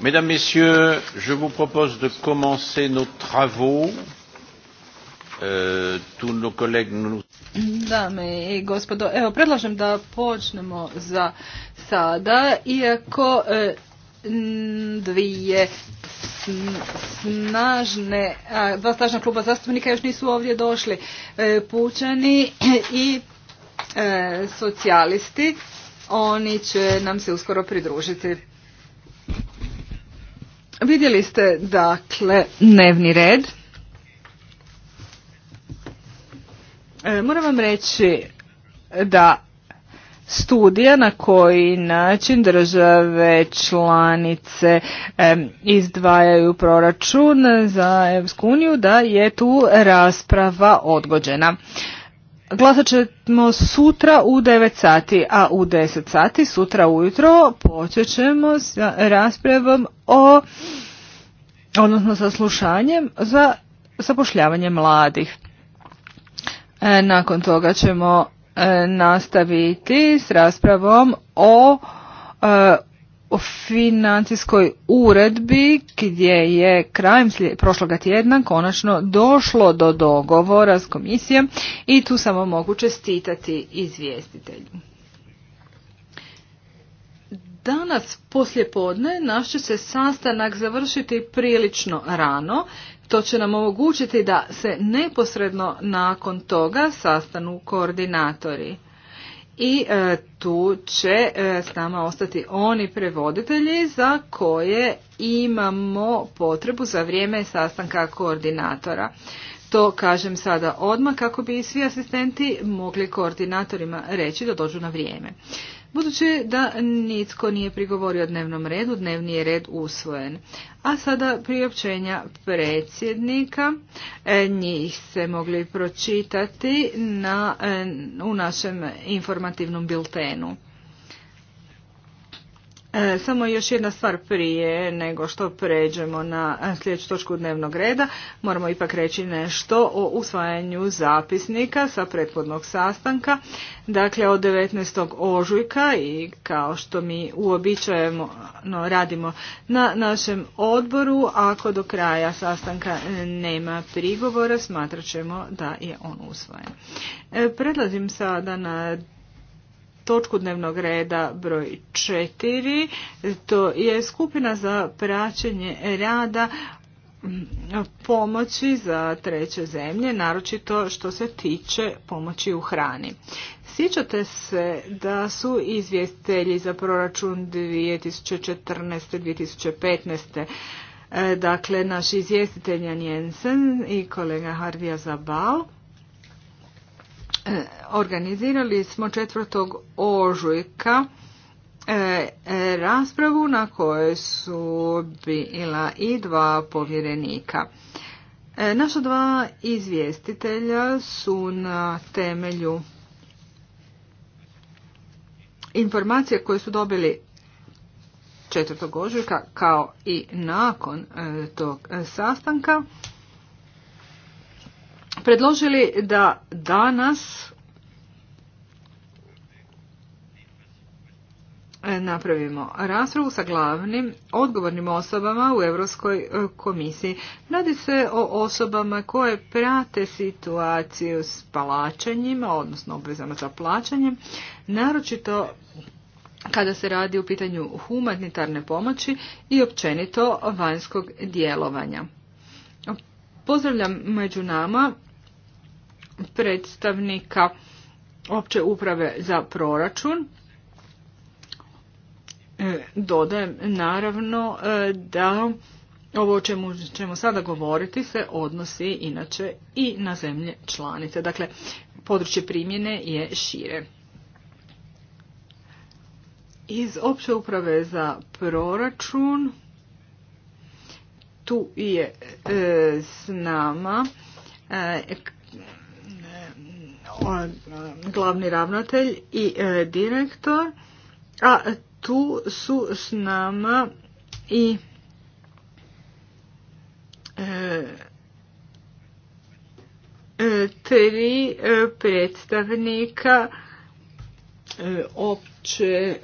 Mesdames, Messieurs, je vous propose de commencer nos travaux. Euh, nos Dame i gospodo, evo predlažem da počnemo za sada, iako e, dvije snažne, dva snažna kluba zastupnika još nisu ovdje došli, e, pučani i e, socijalisti, oni će nam se uskoro pridružiti. Vidjeli ste dakle dnevni red. E, moram vam reći da studija na koji način države članice e, izdvajaju proračun za EU uniju da je tu rasprava odgođena. Glasat ćemo sutra u 9 sati, a u 10 sati sutra ujutro počet ćemo s raspravom o, odnosno sa slušanjem za zapošljavanje mladih. E, nakon toga ćemo e, nastaviti s raspravom o e, o financijskoj uredbi gdje je krajem prošloga tjedna konačno došlo do dogovora s komisijom i tu samo mogu čestitati izvjestitelju. Danas poslje podne naš će se sastanak završiti prilično rano. To će nam omogućiti da se neposredno nakon toga sastanu koordinatori i e, tu će e, s nama ostati oni prevoditelji za koje imamo potrebu za vrijeme sastanka koordinatora. To kažem sada odmah kako bi svi asistenti mogli koordinatorima reći da dođu na vrijeme. Budući da nitko nije prigovorio dnevnom redu, dnevni je red usvojen. A sada priopćenja predsjednika. E, njih se mogli pročitati e, u našem informativnom biltenu. E, samo još jedna stvar prije nego što pređemo na sljedeću točku dnevnog reda. Moramo ipak reći nešto o usvajanju zapisnika sa prethodnog sastanka. Dakle, od 19. ožujka i kao što mi uobičajemo radimo na našem odboru, ako do kraja sastanka nema prigovora, smatrat ćemo da je on usvojen. E, predlazim sada na točku dnevnog reda broj četiri To je skupina za praćenje rada pomoći za treće zemlje, naročito što se tiče pomoći u hrani. Sjećate se da su izvjestitelji za proračun 2014. 2015. E, dakle, naš izvjestitelj Jan Jensen i kolega Harvija Zabal organizirali smo 4. ožujka e, e, raspravu na kojoj su bila i dva povjerenika. E, naša dva izvjestitelja su na temelju informacije koje su dobili 4. ožujka kao i nakon tog sastanka predložili da danas e, napravimo raspravu sa glavnim odgovornim osobama u Europskoj e, komisiji. Radi se o osobama koje prate situaciju s plaćanjima, odnosno obvezama za plaćanje, naročito kada se radi u pitanju humanitarne pomoći i općenito vanjskog djelovanja. Pozdravljam među nama predstavnika opće uprave za proračun. E, dodajem naravno e, da ovo o čemu ćemo sada govoriti se odnosi inače i na zemlje članice. Dakle, područje primjene je šire. Iz opće uprave za proračun tu je e, s nama Um, glavni ravnatelj i e, direktor, a tu su s nama i e, e, tri predstavnika opće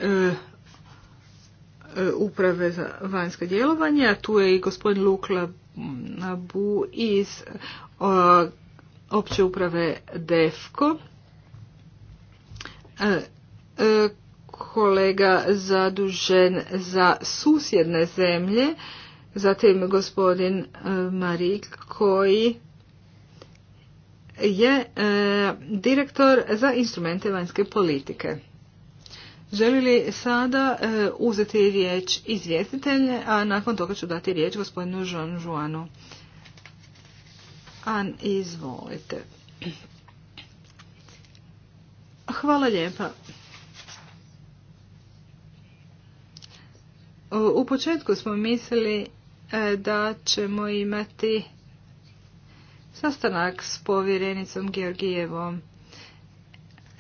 uprave za vanjsko djelovanje, a tu je i gospodin Lukla Nabu iz opće uprave DEFKO. E, e, kolega zadužen za susjedne zemlje, zatim gospodin e, Marik koji je direktor za instrumente vanjske politike. Želi li sada uzeti riječ izvjestitelje, a nakon toga ću dati riječ gospodinu jean Žuanu. An, izvolite. Hvala lijepa. U početku smo mislili e, da ćemo imati sastanak s povjerenicom Georgijevom.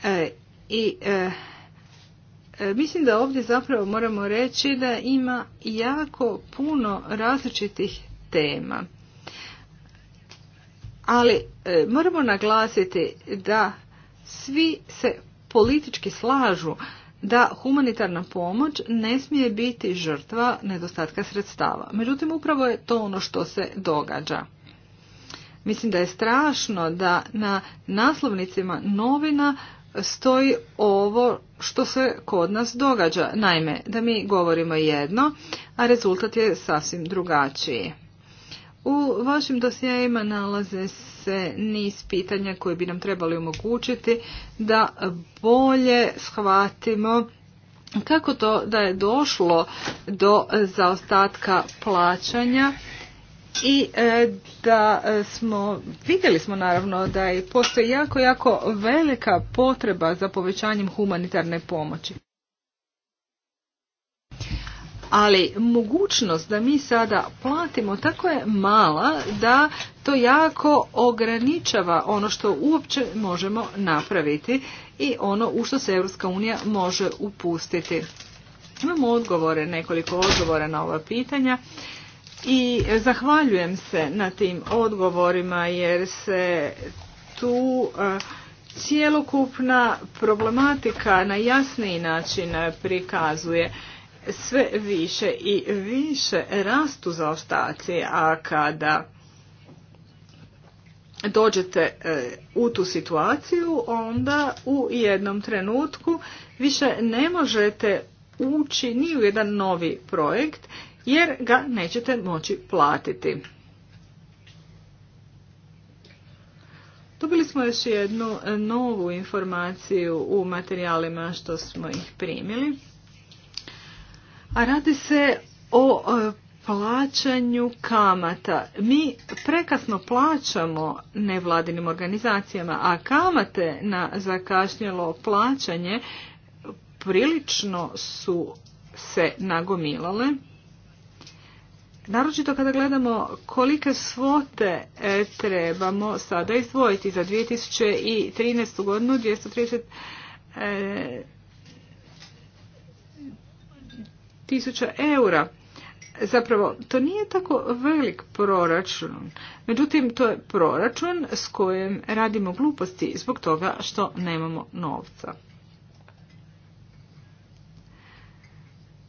E, I e, mislim da ovdje zapravo moramo reći da ima jako puno različitih tema. Ali e, moramo naglasiti da svi se politički slažu da humanitarna pomoć ne smije biti žrtva nedostatka sredstava. Međutim, upravo je to ono što se događa. Mislim da je strašno da na naslovnicima novina stoji ovo što se kod nas događa. Naime, da mi govorimo jedno, a rezultat je sasvim drugačiji. U vašim dosjeima nalaze se niz pitanja koje bi nam trebali omogućiti da bolje shvatimo kako to da je došlo do zaostatka plaćanja i e, da smo, vidjeli smo naravno da postoji jako, jako velika potreba za povećanjem humanitarne pomoći ali mogućnost da mi sada platimo tako je mala da to jako ograničava ono što uopće možemo napraviti i ono u što se Europska unija može upustiti. Imamo odgovore, nekoliko odgovora na ova pitanja i zahvaljujem se na tim odgovorima jer se tu e, cjelokupna problematika na jasniji način prikazuje sve više i više rastu zaostaci, a kada dođete e, u tu situaciju, onda u jednom trenutku više ne možete ući ni u jedan novi projekt jer ga nećete moći platiti. Dobili smo još jednu novu informaciju u materijalima što smo ih primili a radi se o e, plaćanju kamata. Mi prekasno plaćamo nevladinim organizacijama, a kamate na zakašnjelo plaćanje prilično su se nagomilale. Naročito kada gledamo kolike svote e, trebamo sada izdvojiti za 2013. godinu 230 tisuća eura. Zapravo, to nije tako velik proračun. Međutim, to je proračun s kojim radimo gluposti zbog toga što nemamo novca.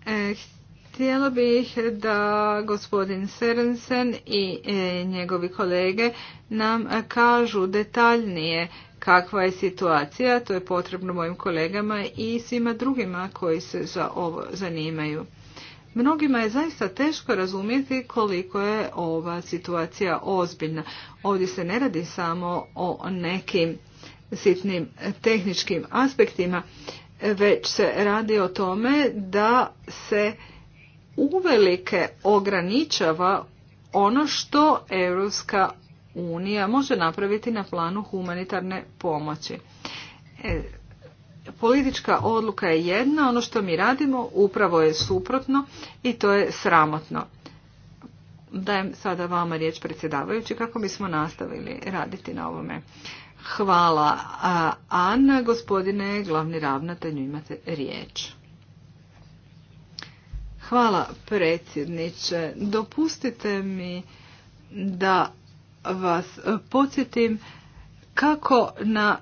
E, htjela bih da gospodin Serensen i e, njegovi kolege nam kažu detaljnije kakva je situacija, to je potrebno mojim kolegama i svima drugima koji se za ovo zanimaju. Mnogima je zaista teško razumjeti koliko je ova situacija ozbiljna. Ovdje se ne radi samo o nekim sitnim tehničkim aspektima, već se radi o tome da se uvelike ograničava ono što Europska unija može napraviti na planu humanitarne pomoći. E, politička odluka je jedna, ono što mi radimo upravo je suprotno i to je sramotno. Dajem sada vama riječ predsjedavajući kako bismo nastavili raditi na ovome. Hvala. A, Ana, gospodine glavni ravnatelju, imate riječ. Hvala predsjedniče. Dopustite mi da vas e, podsjetim kako na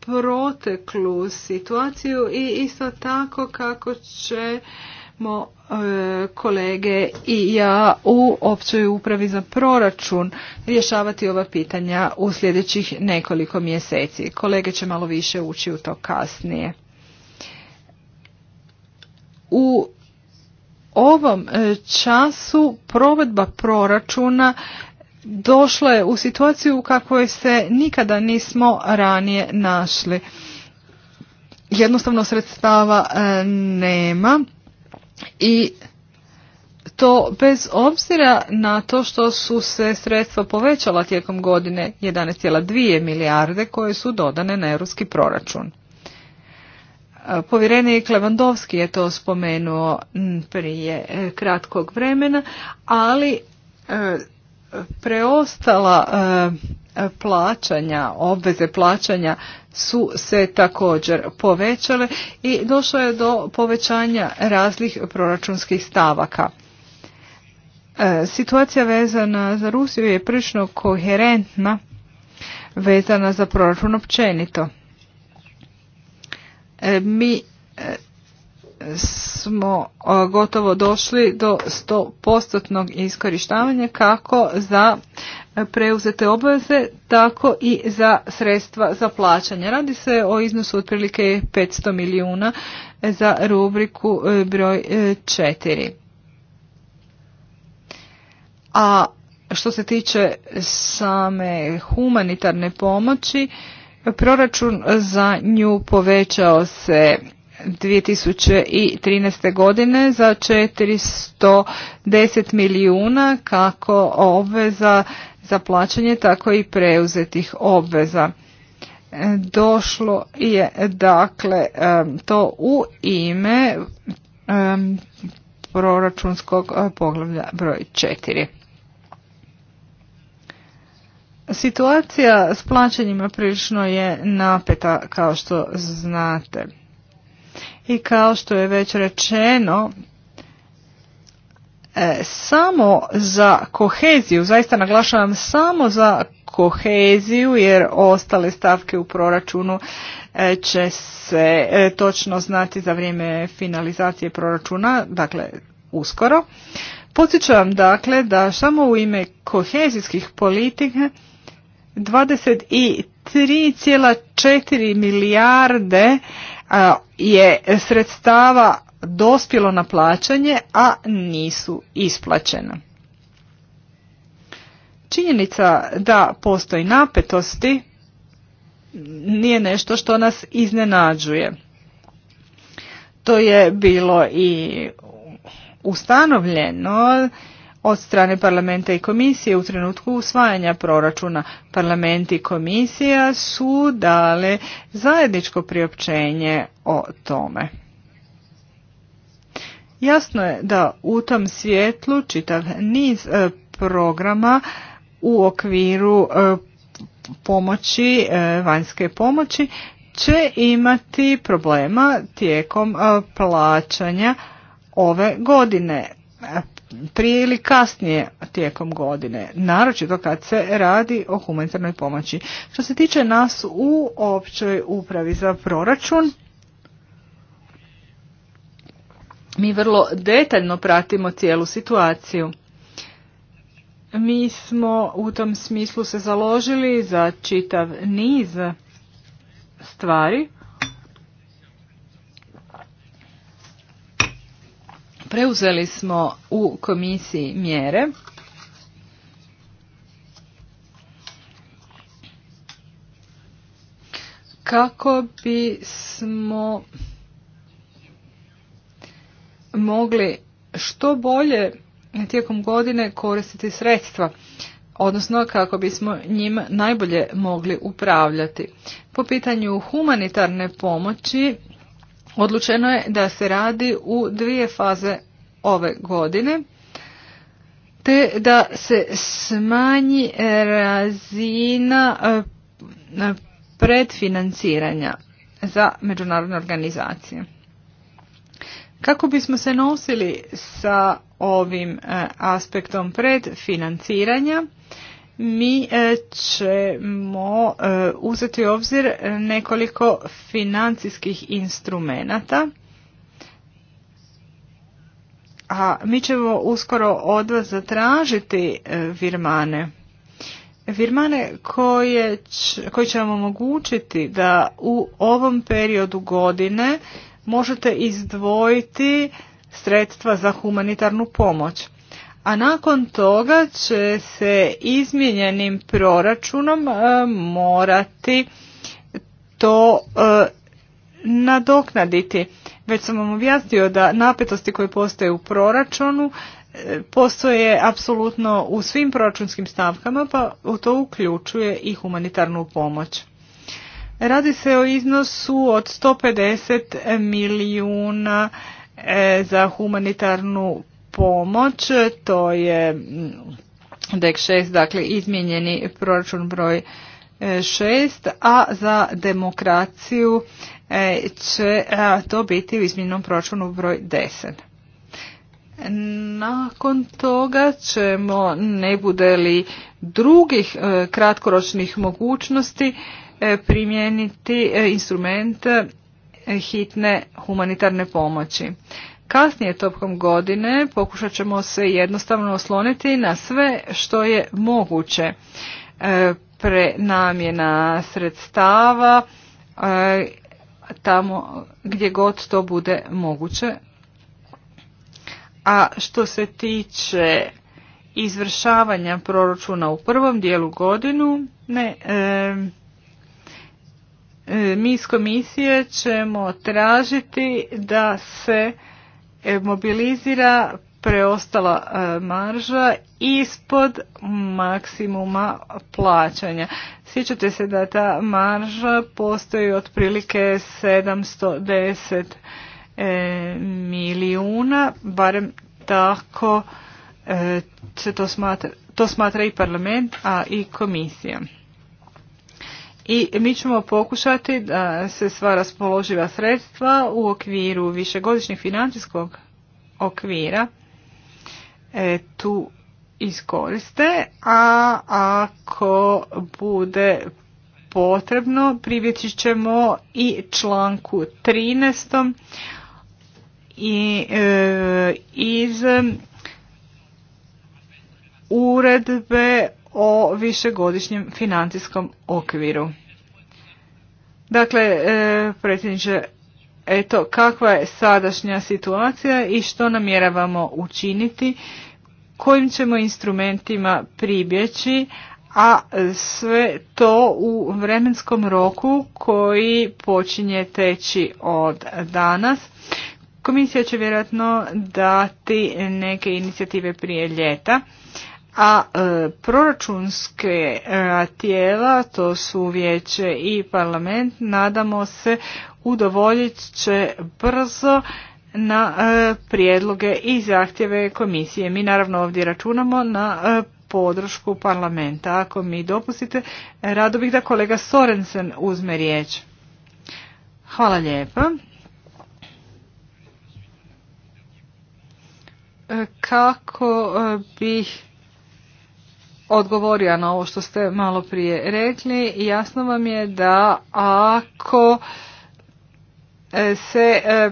proteklu situaciju i isto tako kako ćemo e, kolege i ja u općoj upravi za proračun rješavati ova pitanja u sljedećih nekoliko mjeseci. Kolege će malo više ući u to kasnije. U ovom e, času provedba proračuna došla je u situaciju u kakvoj se nikada nismo ranije našli. Jednostavno sredstava e, nema i to bez obzira na to što su se sredstva povećala tijekom godine 11,2 milijarde koje su dodane na europski proračun. E, povjerenik Klevandovski je to spomenuo prije e, kratkog vremena, ali Preostala e, plaćanja, obveze plaćanja su se također povećale i došlo je do povećanja raznih proračunskih stavaka. E, situacija vezana za Rusiju je prično koherentna vezana za proračun općenito. E, mi smo e, gotovo došli do 100% iskorištavanja kako za preuzete obveze, tako i za sredstva za plaćanje. Radi se o iznosu otprilike 500 milijuna za rubriku e, broj 4. E, A što se tiče same humanitarne pomoći, proračun za nju povećao se 2013. godine za 410 milijuna kako obveza za plaćanje tako i preuzetih obveza. Došlo je dakle to u ime proračunskog eh, poglavlja broj 4. Situacija s plaćanjima prilično je napeta kao što znate i kao što je već rečeno e, samo za koheziju, zaista naglašavam samo za koheziju jer ostale stavke u proračunu e, će se e, točno znati za vrijeme finalizacije proračuna, dakle uskoro. Podsjećam dakle da samo u ime kohezijskih politika 23,4 milijarde je sredstava dospjelo na plaćanje, a nisu isplaćena. Činjenica da postoji napetosti nije nešto što nas iznenađuje. To je bilo i ustanovljeno od strane parlamenta i komisije u trenutku usvajanja proračuna. Parlament i komisija su dale zajedničko priopćenje o tome. Jasno je da u tom svjetlu čitav niz e, programa u okviru e, pomoći, e, vanjske pomoći će imati problema tijekom plaćanja ove godine prije ili kasnije tijekom godine, naročito kad se radi o humanitarnoj pomoći. Što se tiče nas u općoj upravi za proračun, mi vrlo detaljno pratimo cijelu situaciju. Mi smo u tom smislu se založili za čitav niz stvari preuzeli smo u komisiji mjere kako bismo mogli što bolje tijekom godine koristiti sredstva, odnosno kako bismo njim najbolje mogli upravljati. Po pitanju humanitarne pomoći Odlučeno je da se radi u dvije faze ove godine te da se smanji razina e, predfinanciranja za međunarodne organizacije. Kako bismo se nosili sa ovim e, aspektom predfinanciranja, mi e, ćemo e, uzeti u obzir nekoliko financijskih instrumenata. A mi ćemo uskoro od vas zatražiti e, virmane. Virmane koje će, koji će vam omogućiti da u ovom periodu godine možete izdvojiti sredstva za humanitarnu pomoć a nakon toga će se izmijenjenim proračunom e, morati to e, nadoknaditi. Već sam vam objasnio da napetosti koje postoje u proračunu e, postoje apsolutno u svim proračunskim stavkama, pa to uključuje i humanitarnu pomoć. Radi se o iznosu od 150 milijuna za humanitarnu pomoć, to je mm, DEC 6, dakle izmijenjeni proračun broj 6, e, a za demokraciju e, će e, to biti u izmjenjenom proračunu broj 10. Nakon toga ćemo, ne bude li drugih kratkoročnih mogućnosti, primijeniti instrument hitne humanitarne pomoći kasnije topkom godine pokušat ćemo se jednostavno osloniti na sve što je moguće. E, prenamjena sredstava e, tamo gdje god to bude moguće. A što se tiče izvršavanja proračuna u prvom dijelu godinu, ne, e, mi iz komisije ćemo tražiti da se E, mobilizira preostala e, marža ispod maksimuma plaćanja. Sjećate se da ta marža postoji otprilike 710 e, milijuna, barem tako se to smatra, to smatra i parlament, a i komisija i mi ćemo pokušati da se sva raspoloživa sredstva u okviru višegodišnjeg financijskog okvira e, tu iskoriste, a ako bude potrebno privjeći ćemo i članku 13. i e, iz uredbe o višegodišnjem financijskom okviru. Dakle, e, predsjedniče, eto, kakva je sadašnja situacija i što namjeravamo učiniti, kojim ćemo instrumentima pribjeći, a sve to u vremenskom roku koji počinje teći od danas. Komisija će vjerojatno dati neke inicijative prije ljeta, a e, proračunske e, tijela, to su vijeće i parlament, nadamo se udovoljit će brzo na e, prijedloge i zahtjeve komisije. Mi naravno ovdje računamo na e, podršku parlamenta. Ako mi dopustite, rado bih da kolega Sorensen uzme riječ. Hvala lijepa. Kako bih odgovorio na ovo što ste malo prije rekli. Jasno vam je da ako e, se e,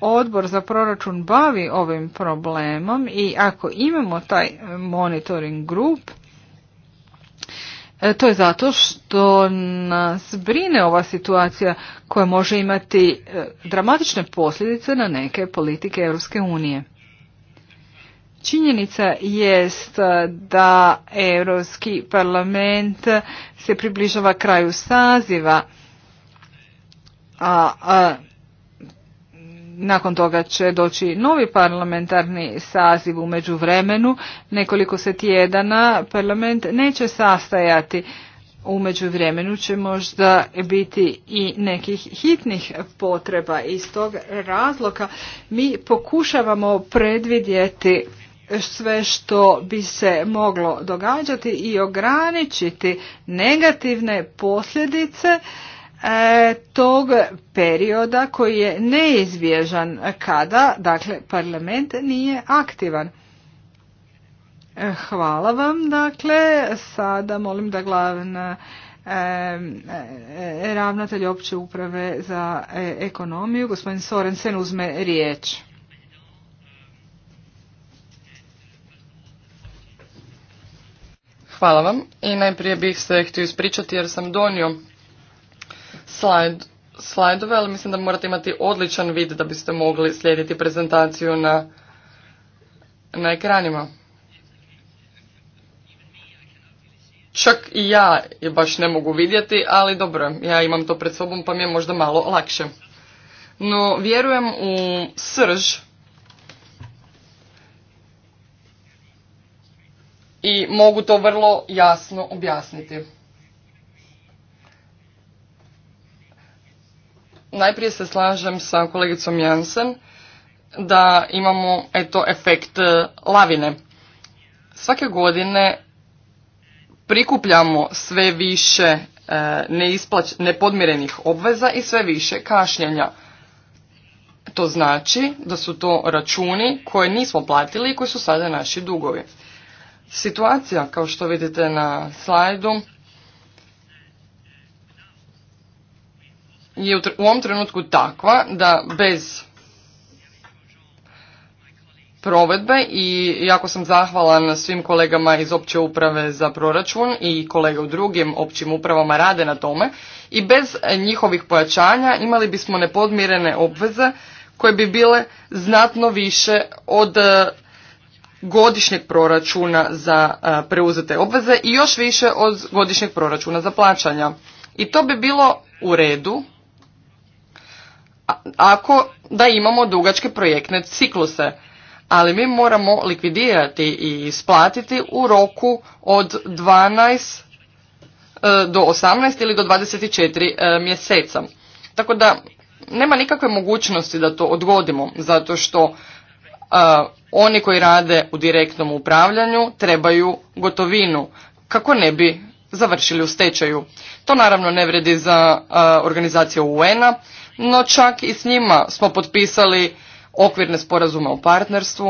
odbor za proračun bavi ovim problemom i ako imamo taj monitoring grup, e, to je zato što nas brine ova situacija koja može imati dramatične posljedice na neke politike Europske unije. Činjenica jest da Europski parlament se približava kraju saziva, a, nakon toga će doći novi parlamentarni saziv u međuvremenu. Nekoliko se tjedana parlament neće sastajati. U međuvremenu će možda biti i nekih hitnih potreba. Iz tog razloga mi pokušavamo predvidjeti sve što bi se moglo događati i ograničiti negativne posljedice e, tog perioda koji je neizbježan kada dakle parlament nije aktivan. E, hvala vam. Dakle, sada molim da glavna e, ravnatelj opće uprave za ekonomiju, gospodin Sorensen, uzme riječ. Hvala vam i najprije bih se htio ispričati jer sam donio slajdove, ali mislim da morate imati odličan vid da biste mogli slijediti prezentaciju na, na ekranima. Čak i ja je baš ne mogu vidjeti, ali dobro, ja imam to pred sobom pa mi je možda malo lakše. No, vjerujem u srž i mogu to vrlo jasno objasniti. Najprije se slažem sa kolegicom Jansen da imamo eto efekt e, lavine. Svake godine prikupljamo sve više e, nepodmirenih obveza i sve više kašnjenja. To znači da su to računi koje nismo platili i koji su sada naši dugovi. Situacija, kao što vidite na slajdu, je u, ovom trenutku takva da bez provedbe i jako sam zahvalan svim kolegama iz opće uprave za proračun i kolega u drugim općim upravama rade na tome i bez njihovih pojačanja imali bismo nepodmirene obveze koje bi bile znatno više od godišnjeg proračuna za e, preuzete obveze i još više od godišnjeg proračuna za plaćanja. I to bi bilo u redu ako da imamo dugačke projektne cikluse, ali mi moramo likvidirati i isplatiti u roku od 12 e, do 18 ili do 24 e, mjeseca. Tako da nema nikakve mogućnosti da to odgodimo, zato što E, oni koji rade u direktnom upravljanju trebaju gotovinu kako ne bi završili u stečaju. To naravno ne vredi za e, organizaciju UN-a, no čak i s njima smo potpisali okvirne sporazume o partnerstvu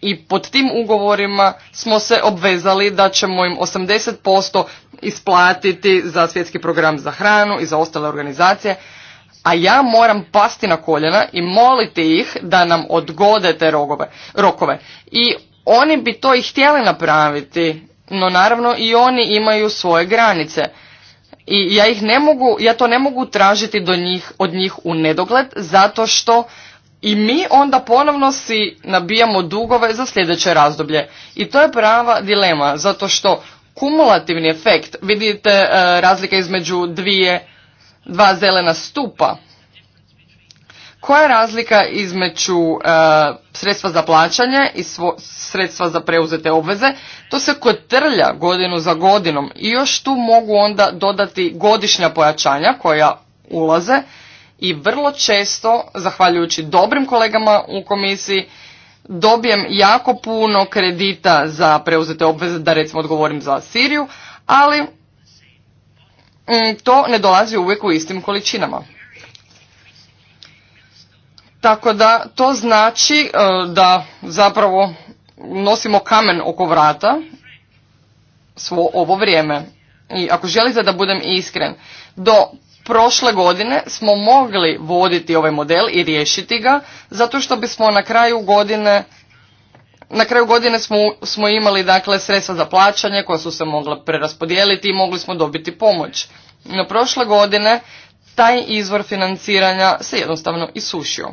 i pod tim ugovorima smo se obvezali da ćemo im 80% isplatiti za svjetski program za hranu i za ostale organizacije, a ja moram pasti na koljena i moliti ih da nam odgode te rogove, rokove. I oni bi to i htjeli napraviti, no naravno i oni imaju svoje granice. I ja ih ne mogu, ja to ne mogu tražiti do njih, od njih u nedogled zato što i mi onda ponovno si nabijamo dugove za sljedeće razdoblje. I to je prava dilema zato što kumulativni efekt, vidite e, razlika između dvije dva zelena stupa. Koja je razlika između e, sredstva za plaćanje i svo, sredstva za preuzete obveze? To se kotrlja godinu za godinom i još tu mogu onda dodati godišnja pojačanja koja ulaze i vrlo često, zahvaljujući dobrim kolegama u komisiji, dobijem jako puno kredita za preuzete obveze, da recimo odgovorim za Siriju, ali Mm, to ne dolazi uvijek u istim količinama. Tako da to znači e, da zapravo nosimo kamen oko vrata svo ovo vrijeme. I ako želite da budem iskren, do prošle godine smo mogli voditi ovaj model i riješiti ga zato što bismo na kraju godine na kraju godine smo, smo imali dakle sredstva za plaćanje koja su se mogla preraspodijeliti i mogli smo dobiti pomoć. No prošle godine taj izvor financiranja se jednostavno isušio.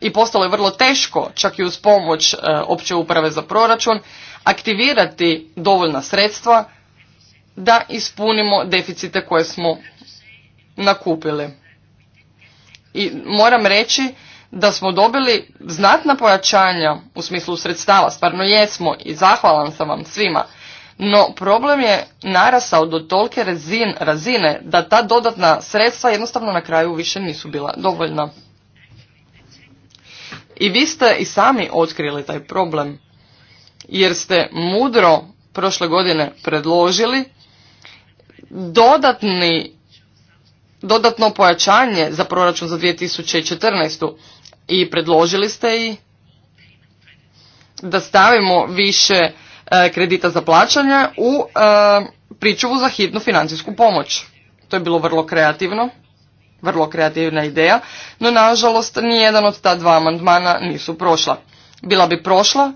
I postalo je vrlo teško, čak i uz pomoć e, opće uprave za proračun, aktivirati dovoljna sredstva da ispunimo deficite koje smo nakupili. I moram reći da smo dobili znatna pojačanja u smislu sredstava, stvarno jesmo i zahvalan sam vam svima, no problem je narasao do tolike razin, razine da ta dodatna sredstva jednostavno na kraju više nisu bila dovoljna. I vi ste i sami otkrili taj problem, jer ste mudro prošle godine predložili dodatni dodatno pojačanje za proračun za 2014 i predložili ste i da stavimo više e, kredita za plaćanje u e, pričuvu za hitnu financijsku pomoć. To je bilo vrlo kreativno, vrlo kreativna ideja, no nažalost nijedan od ta dva amandmana nisu prošla. Bila bi prošla,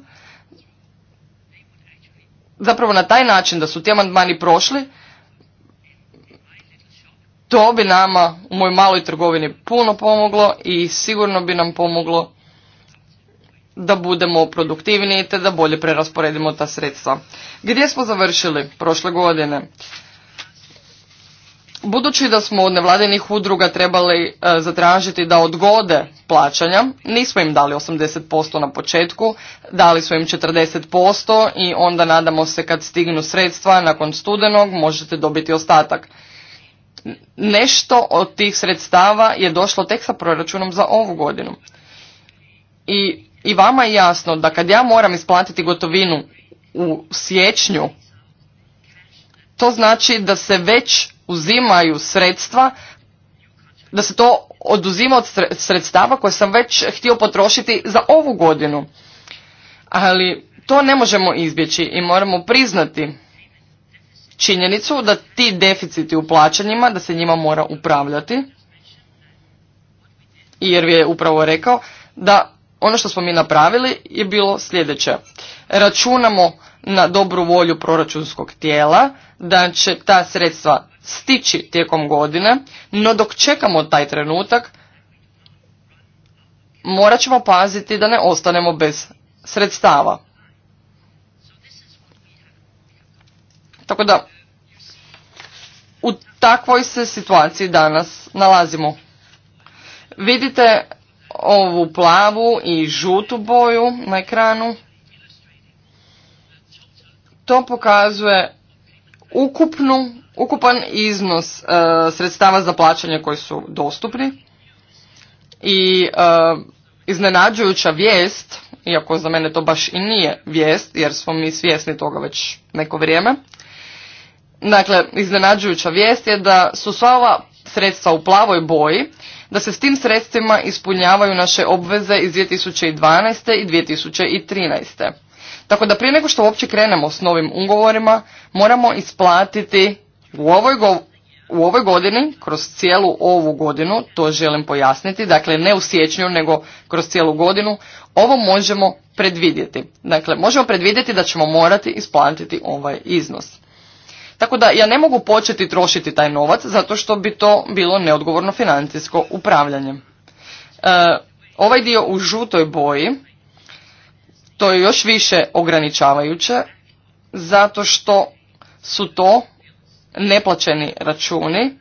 zapravo na taj način da su ti amandmani prošli, to bi nama u mojoj maloj trgovini puno pomoglo i sigurno bi nam pomoglo da budemo produktivniji te da bolje prerasporedimo ta sredstva. Gdje smo završili prošle godine? Budući da smo od nevladinih udruga trebali e, zatražiti da odgode plaćanja, nismo im dali 80% na početku, dali smo im 40% i onda nadamo se kad stignu sredstva nakon studenog možete dobiti ostatak nešto od tih sredstava je došlo tek sa proračunom za ovu godinu. I, i vama je jasno da kad ja moram isplatiti gotovinu u siječnju, to znači da se već uzimaju sredstva, da se to oduzima od sredstava koje sam već htio potrošiti za ovu godinu. Ali to ne možemo izbjeći i moramo priznati činjenicu da ti deficiti u plaćanjima, da se njima mora upravljati, jer je upravo rekao da ono što smo mi napravili je bilo sljedeće. Računamo na dobru volju proračunskog tijela, da će ta sredstva stići tijekom godine, no dok čekamo taj trenutak, morat ćemo paziti da ne ostanemo bez sredstava. Tako da, u takvoj se situaciji danas nalazimo. Vidite ovu plavu i žutu boju na ekranu. To pokazuje ukupnu, ukupan iznos e, sredstava za plaćanje koji su dostupni. I e, iznenađujuća vijest, iako za mene to baš i nije vijest, jer smo mi svjesni toga već neko vrijeme, Dakle, iznenađujuća vijest je da su sva ova sredstva u plavoj boji, da se s tim sredstvima ispunjavaju naše obveze iz 2012. i 2013. Tako da prije nego što uopće krenemo s novim ugovorima, moramo isplatiti u ovoj, u ovoj godini, kroz cijelu ovu godinu, to želim pojasniti, dakle ne u siječnju nego kroz cijelu godinu, ovo možemo predvidjeti. Dakle, možemo predvidjeti da ćemo morati isplatiti ovaj iznos. Tako da ja ne mogu početi trošiti taj novac zato što bi to bilo neodgovorno financijsko upravljanje. E, ovaj dio u žutoj boji, to je još više ograničavajuće zato što su to neplaćeni računi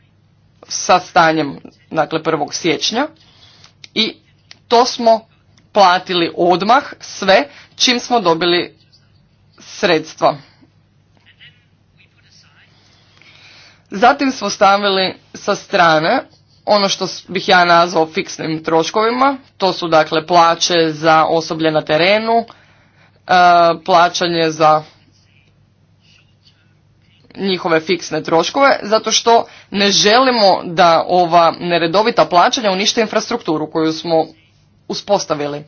sa stanjem dakle 1. siječnja i to smo platili odmah sve čim smo dobili sredstva. Zatim smo stavili sa strane ono što bih ja nazvao fiksnim troškovima, to su dakle plaće za osoblje na terenu, e, plaćanje za njihove fiksne troškove, zato što ne želimo da ova neredovita plaćanja unište infrastrukturu koju smo uspostavili.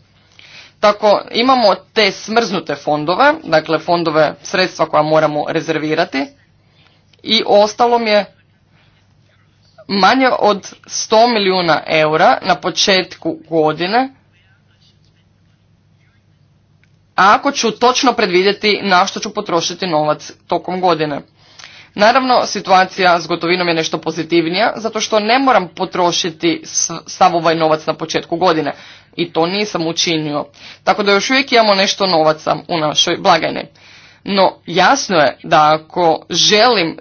Tako imamo te smrznute fondove, dakle fondove sredstva koja moramo rezervirati, i ostalo mi je manje od 100 milijuna eura na početku godine ako ću točno predvidjeti na što ću potrošiti novac tokom godine. Naravno, situacija s gotovinom je nešto pozitivnija, zato što ne moram potrošiti sav ovaj novac na početku godine. I to nisam učinio. Tako da još uvijek imamo nešto novaca u našoj blagajni. No, jasno je da ako želim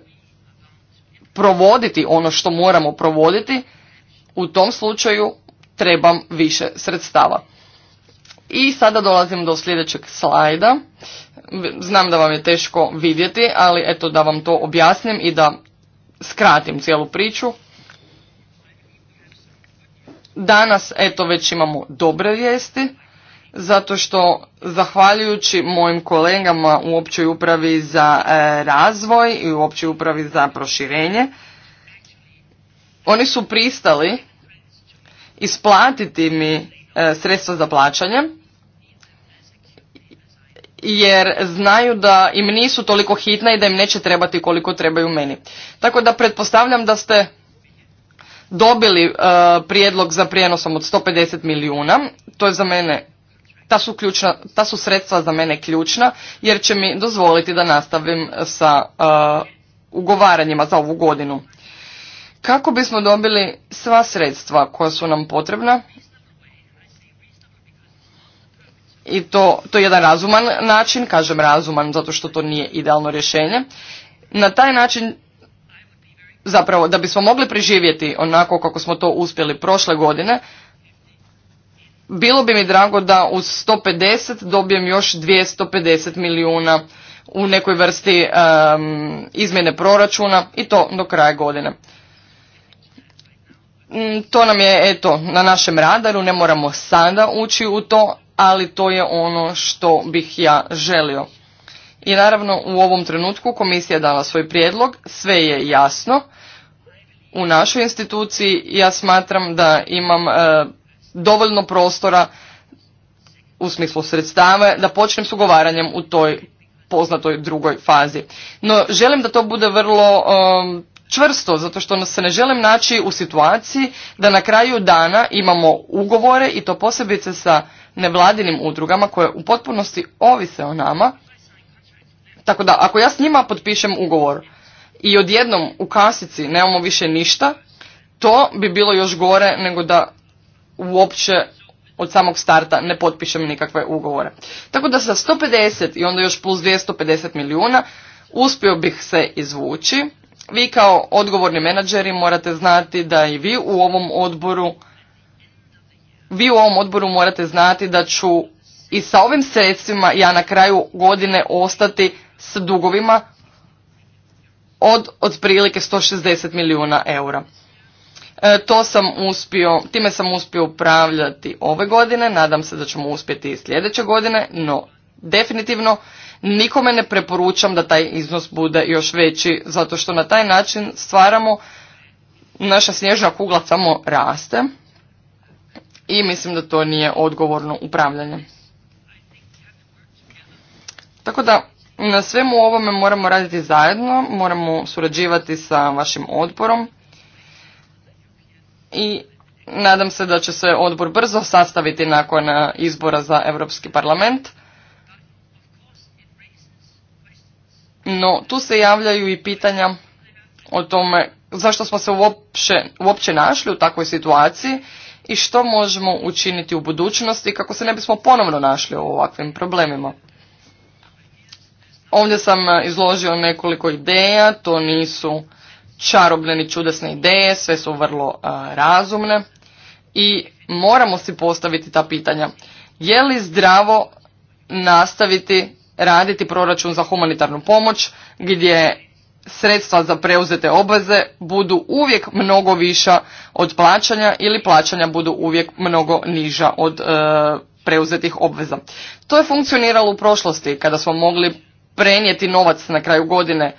provoditi ono što moramo provoditi, u tom slučaju trebam više sredstava. I sada dolazim do sljedećeg slajda. Znam da vam je teško vidjeti, ali eto da vam to objasnim i da skratim cijelu priču. Danas eto već imamo dobre vijesti zato što zahvaljujući mojim kolegama u općoj upravi za e, razvoj i u općoj upravi za proširenje, oni su pristali isplatiti mi e, sredstva za plaćanje, jer znaju da im nisu toliko hitna i da im neće trebati koliko trebaju meni. Tako da pretpostavljam da ste dobili e, prijedlog za prijenosom od 150 milijuna. To je za mene ta su, ključna, ta su sredstva za mene ključna jer će mi dozvoliti da nastavim sa uh, ugovaranjima za ovu godinu. Kako bismo dobili sva sredstva koja su nam potrebna i to, to je jedan razuman način, kažem razuman zato što to nije idealno rješenje, na taj način zapravo da bismo mogli preživjeti onako kako smo to uspjeli prošle godine, bilo bi mi drago da uz 150 dobijem još 250 milijuna u nekoj vrsti izmjene proračuna i to do kraja godine. Mm, to nam je eto na našem radaru, ne moramo sada ući u to, ali to je ono što bih ja želio. I naravno u ovom trenutku komisija je dala svoj prijedlog, sve je jasno. U našoj instituciji ja smatram da imam e, dovoljno prostora u smislu sredstava da počnem s ugovaranjem u toj poznatoj drugoj fazi. No, želim da to bude vrlo um, čvrsto, zato što se ne želim naći u situaciji da na kraju dana imamo ugovore i to posebice sa nevladinim udrugama koje u potpunosti ovise o nama. Tako da, ako ja s njima potpišem ugovor i odjednom u kasici nemamo više ništa, to bi bilo još gore nego da uopće od samog starta ne potpišem nikakve ugovore. Tako da sa 150 i onda još plus 250 milijuna uspio bih se izvući. Vi kao odgovorni menadžeri morate znati da i vi u ovom odboru vi u ovom odboru morate znati da ću i sa ovim sredstvima ja na kraju godine ostati s dugovima od otprilike 160 milijuna eura. E, to sam uspio, time sam uspio upravljati ove godine, nadam se da ćemo uspjeti i sljedeće godine, no definitivno nikome ne preporučam da taj iznos bude još veći, zato što na taj način stvaramo, naša snježna kugla samo raste i mislim da to nije odgovorno upravljanje. Tako da na svemu ovome moramo raditi zajedno, moramo surađivati sa vašim odborom i nadam se da će se odbor brzo sastaviti nakon eh, izbora za Europski parlament. No, tu se javljaju i pitanja o tome zašto smo se uopće, uopće našli u takvoj situaciji i što možemo učiniti u budućnosti kako se ne bismo ponovno našli u ovakvim problemima. Ovdje sam eh, izložio nekoliko ideja, to nisu čarobne čudesne ideje, sve su vrlo razumne i moramo si postaviti ta pitanja. Je li zdravo nastaviti raditi proračun za humanitarnu pomoć gdje sredstva za preuzete obveze budu uvijek mnogo viša od plaćanja ili plaćanja budu uvijek mnogo niža od e, preuzetih obveza. To je funkcioniralo u prošlosti kada smo mogli prenijeti novac na kraju godine,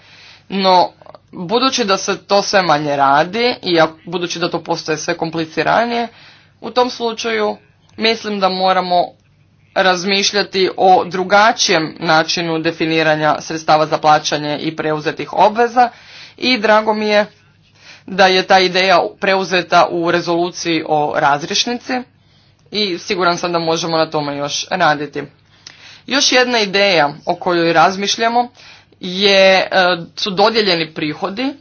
no Budući da se to sve manje radi i budući da to postaje sve kompliciranije, u tom slučaju mislim da moramo razmišljati o drugačijem načinu definiranja sredstava za plaćanje i preuzetih obveza i drago mi je da je ta ideja preuzeta u rezoluciji o razrišnici i siguran sam da možemo na tome još raditi. Još jedna ideja o kojoj razmišljamo je, e, su dodjeljeni prihodi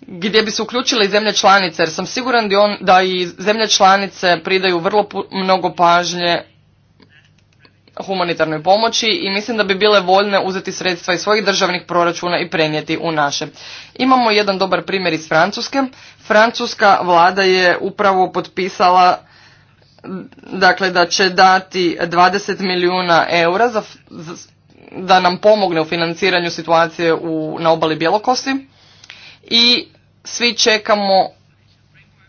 gdje bi se uključile i zemlje članice, jer sam siguran da i zemlje članice pridaju vrlo mnogo pažnje humanitarnoj pomoći i mislim da bi bile voljne uzeti sredstva iz svojih državnih proračuna i prenijeti u naše. Imamo jedan dobar primjer iz Francuske. Francuska vlada je upravo potpisala dakle da će dati 20 milijuna eura za, da nam pomogne u financiranju situacije u, na obali Bjelokosti i svi čekamo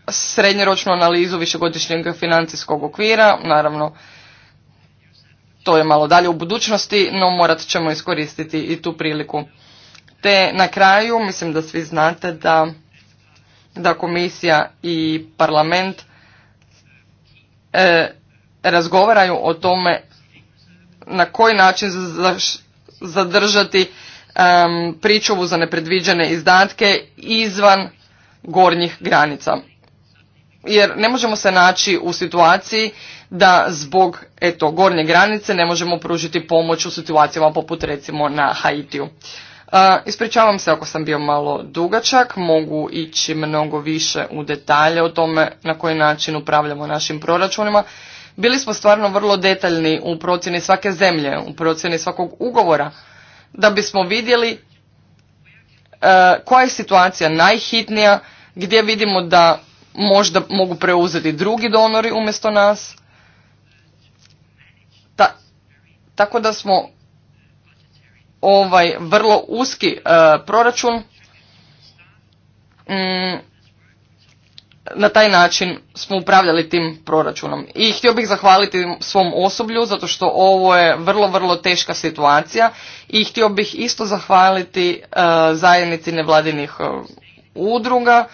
srednjeročnu analizu višegodišnjeg financijskog okvira, naravno to je malo dalje u budućnosti, no morat ćemo iskoristiti i tu priliku. Te na kraju, mislim da svi znate da, da komisija i parlament e, razgovaraju o tome na koji način zadržati um, pričuvu za nepredviđene izdatke izvan gornjih granica. Jer ne možemo se naći u situaciji da zbog eto, gornje granice ne možemo pružiti pomoć u situacijama poput recimo na Haitiju. Ispričavam se ako sam bio malo dugačak, mogu ići mnogo više u detalje o tome na koji način upravljamo našim proračunima. Bili smo stvarno vrlo detaljni u procjeni svake zemlje, u procjeni svakog ugovora, da bismo vidjeli e, koja je situacija najhitnija, gdje vidimo da možda mogu preuzeti drugi donori umjesto nas. tako da smo ovaj vrlo uski e, proračun mm, na taj način smo upravljali tim proračunom. I htio bih zahvaliti svom osoblju zato što ovo je vrlo, vrlo teška situacija i htio bih isto zahvaliti e, zajednici nevladinih e, udruga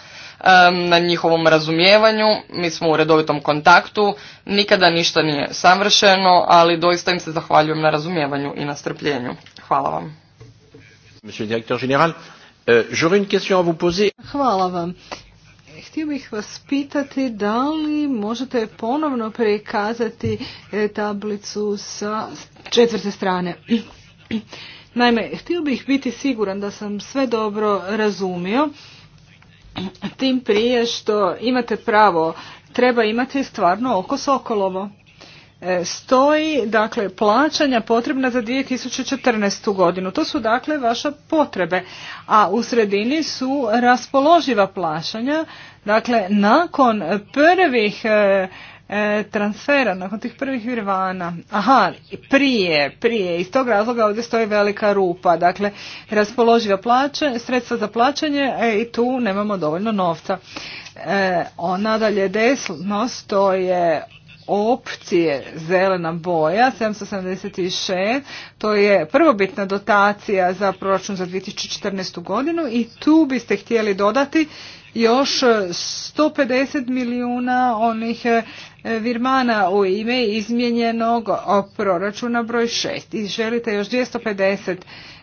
na njihovom razumijevanju. Mi smo u redovitom kontaktu, nikada ništa nije savršeno, ali doista im se zahvaljujem na razumijevanju i na strpljenju. Hvala vam. Monsieur Hvala vam. Htio bih vas pitati da li možete ponovno prikazati e, tablicu sa četvrte strane. Naime, htio bih biti siguran da sam sve dobro razumio, tim prije što imate pravo, treba imati stvarno oko sokolovo. E, stoji, dakle, plaćanja potrebna za 2014. godinu. To su, dakle, vaše potrebe. A u sredini su raspoloživa plaćanja, dakle, nakon prvih e, e, transfera, nakon tih prvih virvana. Aha, prije, prije. Iz tog razloga ovdje stoji velika rupa. Dakle, raspoloživa plaća, sredstva za plaćanje e, i tu nemamo dovoljno novca. on nadalje desno stoje opcije zelena boja 776 to je prvobitna dotacija za proračun za 2014. godinu i tu biste htjeli dodati još 150 milijuna onih e, virmana u ime izmijenjenog proračuna broj 6 i želite još 250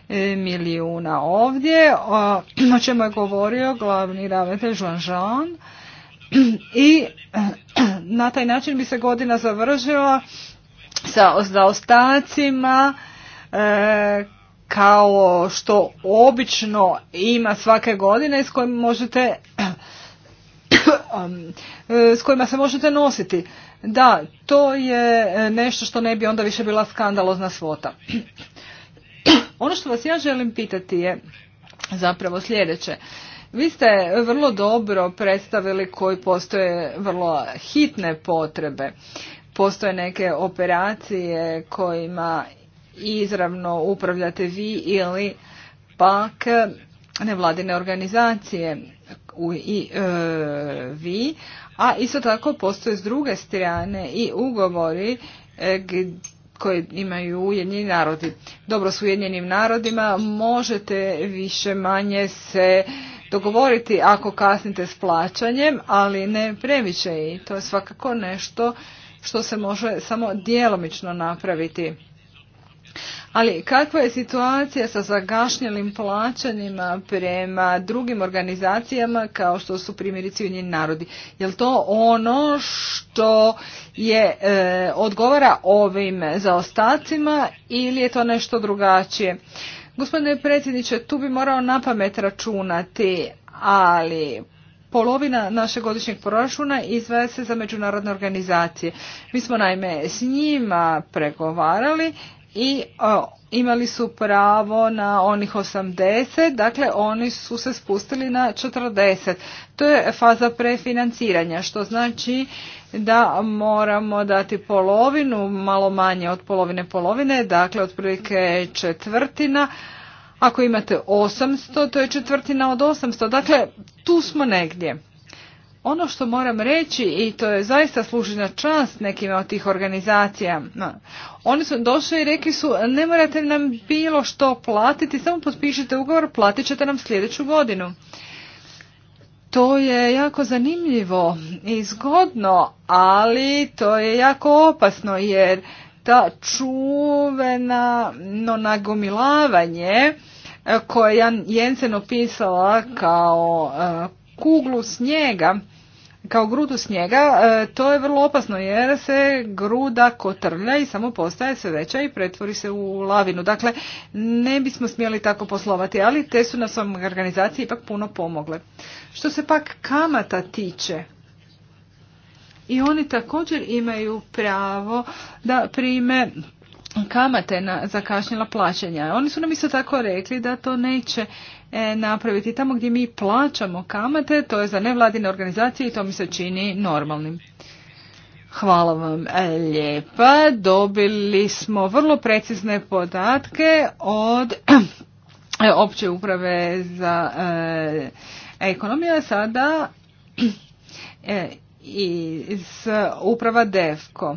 e, milijuna ovdje o čemu je govorio glavni ravnatelj Jean Jean i na taj način bi se godina završila sa zaostacima e, kao što obično ima svake godine s kojim možete um, e, s kojima se možete nositi. Da, to je nešto što ne bi onda više bila skandalozna svota. Ono što vas ja želim pitati je zapravo sljedeće. Vi ste vrlo dobro predstavili koji postoje vrlo hitne potrebe. Postoje neke operacije kojima izravno upravljate vi ili pak nevladine organizacije i e, vi, a isto tako postoje s druge strane i ugovori e, koje imaju Ujedinjeni narodi. Dobro, s Ujedinjenim narodima možete više manje se dogovoriti ako kasnite s plaćanjem, ali ne previše i to je svakako nešto što se može samo djelomično napraviti. Ali kakva je situacija sa zagašnjelim plaćanjima prema drugim organizacijama kao što su primjerice UN narodi? Je to ono što je e, odgovara ovim zaostacima ili je to nešto drugačije? Gospodine predsjedniče, tu bi morao napamet računati, ali polovina našeg godišnjeg proračuna izdvaja se za međunarodne organizacije. Mi smo naime s njima pregovarali i imali su pravo na onih 80, dakle oni su se spustili na 40. To je faza prefinanciranja, što znači da moramo dati polovinu, malo manje od polovine polovine, dakle otprilike četvrtina. Ako imate 800, to je četvrtina od 800, dakle tu smo negdje. Ono što moram reći, i to je zaista služena čast nekima od tih organizacija, oni su došli i rekli su ne morate nam bilo što platiti, samo potpišite ugovor, platit ćete nam sljedeću godinu. To je jako zanimljivo i zgodno, ali to je jako opasno jer ta čuvena no, nagomilavanje e, koje je Jensen opisala kao e, kuglu snijega kao grudu snijega, e, to je vrlo opasno jer se gruda kotrlja i samo postaje sve veća i pretvori se u lavinu. Dakle, ne bismo smjeli tako poslovati, ali te su svom organizacije ipak puno pomogle. Što se pak kamata tiče, i oni također imaju pravo da prime kamate na zakašnjela plaćanja. Oni su nam isto tako rekli da to neće E, napraviti. Tamo gdje mi plaćamo kamate, to je za nevladine organizacije i to mi se čini normalnim. Hvala vam e, lijepa. Dobili smo vrlo precizne podatke od e, opće uprave za ekonomiju. sada iz uprava DEFKO.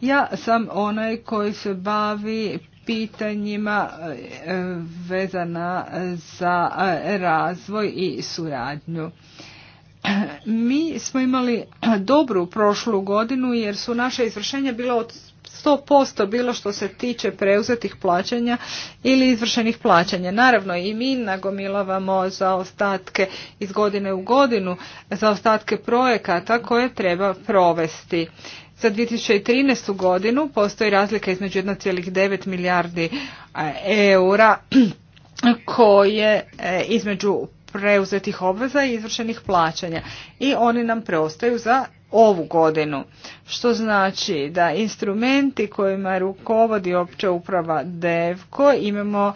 Ja sam onaj koji se bavi pitanjima e, vezana za e, razvoj i suradnju. Mi smo imali dobru prošlu godinu jer su naše izvršenja bila od 100% bilo što se tiče preuzetih plaćanja ili izvršenih plaćanja. Naravno i mi nagomilavamo za ostatke iz godine u godinu, za ostatke projekata koje treba provesti. Za 2013. godinu postoji razlika između 1,9 milijardi e, eura koje e, između preuzetih obveza i izvršenih plaćanja i oni nam preostaju za ovu godinu. Što znači da instrumenti kojima rukovodi opća uprava DEVKO imamo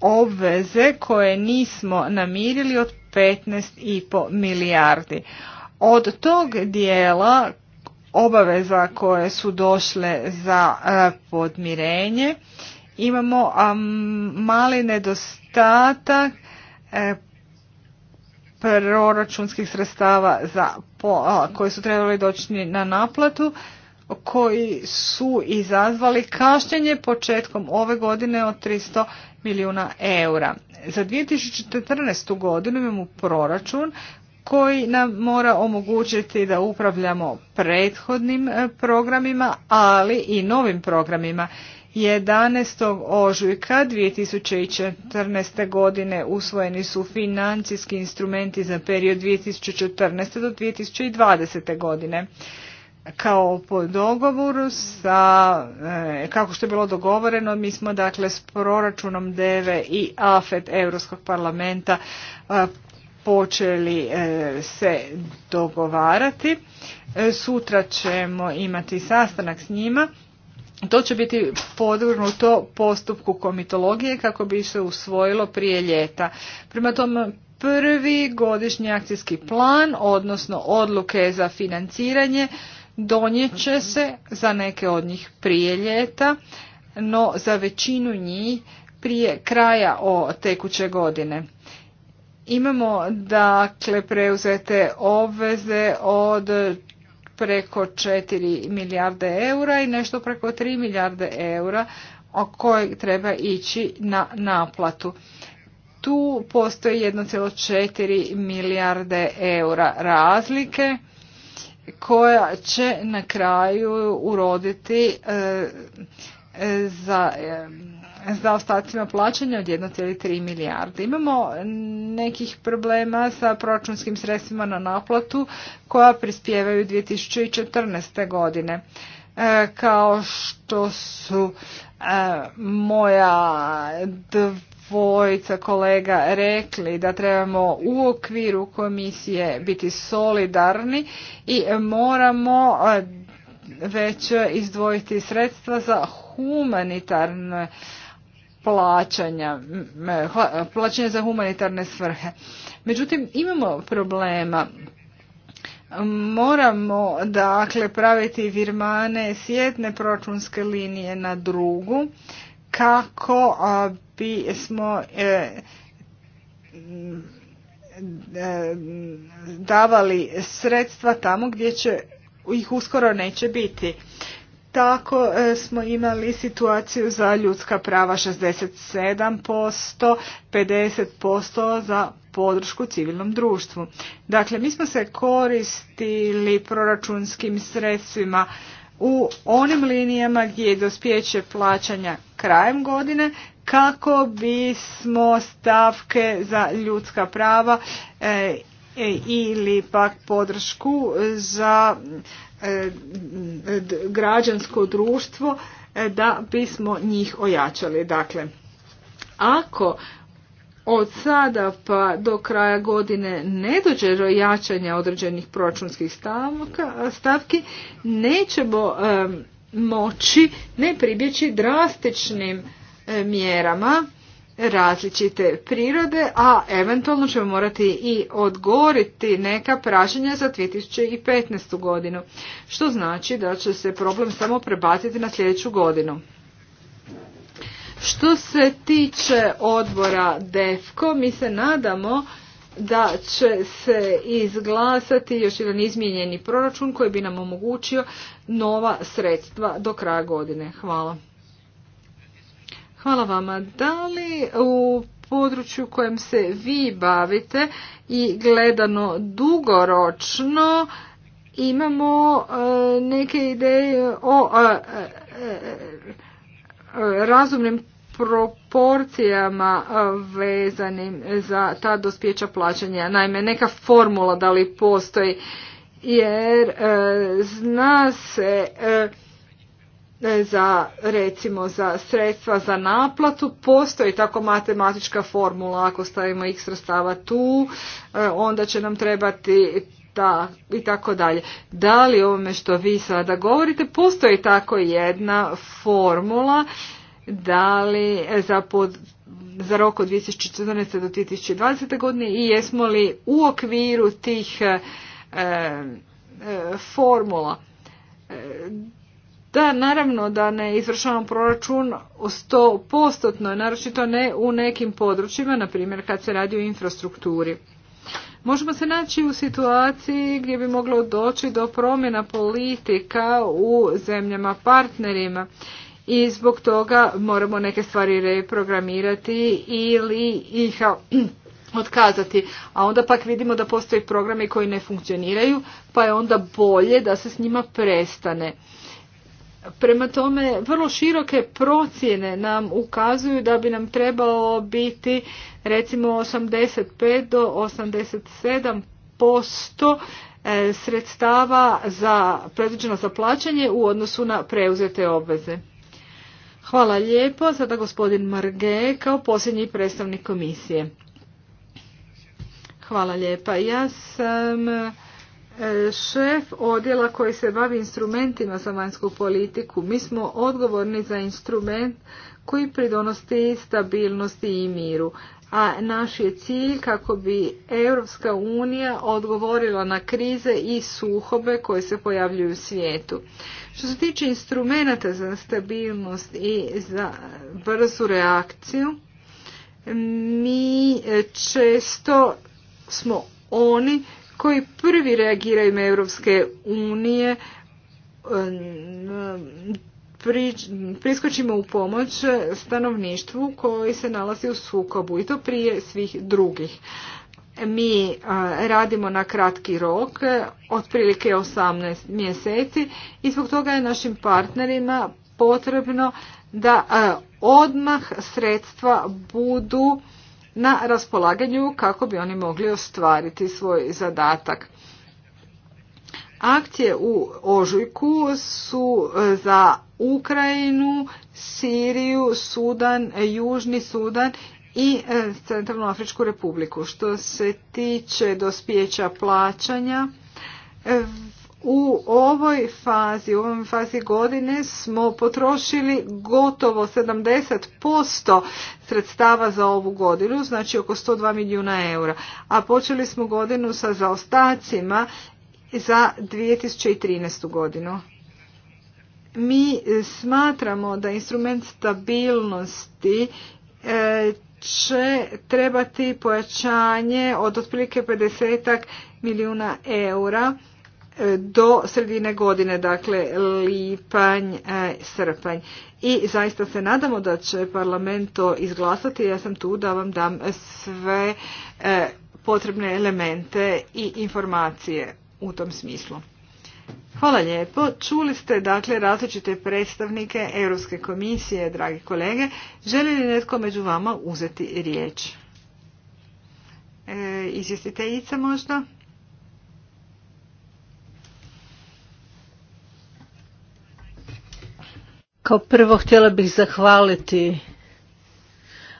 obveze koje nismo namirili od 15,5 milijardi. Od tog dijela obaveza koje su došle za e, podmirenje imamo mali nedostatak e, proračunskih sredstava za, koji su trebali doći na naplatu koji su izazvali kašnjenje početkom ove godine od 300 milijuna eura. Za 2014. godinu imamo proračun koji nam mora omogućiti da upravljamo prethodnim e, programima, ali i novim programima. 11. ožujka 2014. godine usvojeni su financijski instrumenti za period 2014. do 2020. godine. Kao po dogovoru sa, e, kako što je bilo dogovoreno, mi smo dakle s proračunom DEVE i AFET Europskog parlamenta e, počeli e, se dogovarati. E, sutra ćemo imati sastanak s njima. To će biti podvrnuto postupku komitologije kako bi se usvojilo prije ljeta. Prema tom prvi godišnji akcijski plan, odnosno odluke za financiranje, donijet će se za neke od njih prije ljeta, no za većinu njih prije kraja o tekuće godine. Imamo dakle preuzete obveze od preko 4 milijarde eura i nešto preko 3 milijarde eura o kojeg treba ići na naplatu. Tu postoji 1,4 milijarde eura razlike koja će na kraju uroditi e, e, za e, zaostacima plaćanja od 1,3 milijarde. Imamo nekih problema sa proračunskim sredstvima na naplatu koja prispjevaju 2014. godine. E, kao što su e, moja dvojica kolega rekli da trebamo u okviru komisije biti solidarni i moramo e, već izdvojiti sredstva za humanitarne plaćanja, plaćanja za humanitarne svrhe. Međutim, imamo problema. Moramo dakle praviti virmane s jedne proračunske linije na drugu kako bi smo e, e, davali sredstva tamo gdje će ih uskoro neće biti. Tako e, smo imali situaciju za ljudska prava 67%, 50% za podršku civilnom društvu. Dakle, mi smo se koristili proračunskim sredstvima u onim linijama gdje je dospjeće plaćanja krajem godine kako bismo stavke za ljudska prava e, e, ili pak podršku za E, građansko društvo e, da bismo njih ojačali. Dakle, ako od sada pa do kraja godine ne dođe do jačanja određenih proračunskih stavki, nećemo e, moći ne pribjeći drastičnim mjerama različite prirode, a eventualno ćemo morati i odgovoriti neka pražnja za 2015. godinu, što znači da će se problem samo prebaciti na sljedeću godinu. Što se tiče odbora DEFKO, mi se nadamo da će se izglasati još jedan izmijenjeni proračun koji bi nam omogućio nova sredstva do kraja godine. Hvala. Hvala vama. Da li u području kojem se vi bavite i gledano dugoročno imamo e, neke ideje o e, e, razumnim proporcijama vezanim za ta dospjeća plaćanja. Naime, neka formula da li postoji jer zna se za recimo za sredstva za naplatu postoji tako matematička formula ako stavimo x sredstava tu e, onda će nam trebati ta i tako dalje. Da li ovome što vi sada govorite postoji tako jedna formula da li za pod za rok od 2014. do 2020. godine i jesmo li u okviru tih e, e, formula. Da, naravno da ne izvršavamo proračun postotno, naročito ne u nekim područjima, na primjer kad se radi o infrastrukturi. Možemo se naći u situaciji gdje bi moglo doći do promjena politika u zemljama partnerima i zbog toga moramo neke stvari reprogramirati ili ih otkazati. A onda pak vidimo da postoje programi koji ne funkcioniraju, pa je onda bolje da se s njima prestane. Prema tome, vrlo široke procjene nam ukazuju da bi nam trebalo biti recimo 85 do 87 posto e, sredstava za, predviđeno za plaćanje u odnosu na preuzete obveze. Hvala lijepo. Sada gospodin Marge kao posljednji predstavnik komisije. Hvala lijepa. Ja sam šef odjela koji se bavi instrumentima za vanjsku politiku. Mi smo odgovorni za instrument koji pridonosti stabilnosti i miru. A naš je cilj kako bi Europska unija odgovorila na krize i suhobe koje se pojavljuju u svijetu. Što se tiče instrumenta za stabilnost i za brzu reakciju, mi često smo oni koji prvi reagiraju na Europske unije e, priskočimo u pomoć stanovništvu koji se nalazi u sukobu i to prije svih drugih. Mi e, radimo na kratki rok, otprilike 18 mjeseci i zbog toga je našim partnerima potrebno da e, odmah sredstva budu na raspolaganju kako bi oni mogli ostvariti svoj zadatak. Akcije u Ožujku su e, za Ukrajinu, Siriju, Sudan, e, Južni Sudan i e, Centralnu Afričku republiku. Što se tiče dospijeća plaćanja, u ovoj fazi, u ovoj fazi godine smo potrošili gotovo 70% sredstava za ovu godinu, znači oko 102 milijuna eura, a počeli smo godinu sa zaostacima za 2013. godinu. Mi smatramo da instrument stabilnosti e, će trebati pojačanje od otprilike 50 milijuna eura do sredine godine, dakle lipanj, e, srpanj. I zaista se nadamo da će parlament to izglasati. Ja sam tu da vam dam sve e, potrebne elemente i informacije u tom smislu. Hvala lijepo. Čuli ste dakle različite predstavnike Europske komisije, dragi kolege. Želi li netko među vama uzeti riječ? E, izvjestiteljica možda? Kao prvo htjela bih zahvaliti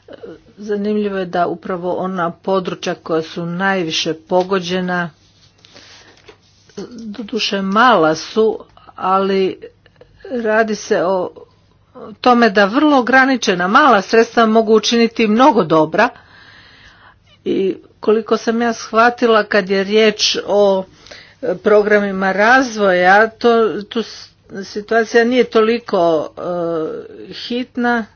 e, Zanimljivo je da upravo ona područja koja su najviše pogođena, doduše mala su, ali radi se o tome da vrlo ograničena mala sredstva mogu učiniti mnogo dobra. I koliko sam ja shvatila kad je riječ o programima razvoja, to, tu situacija nije toliko e, hitna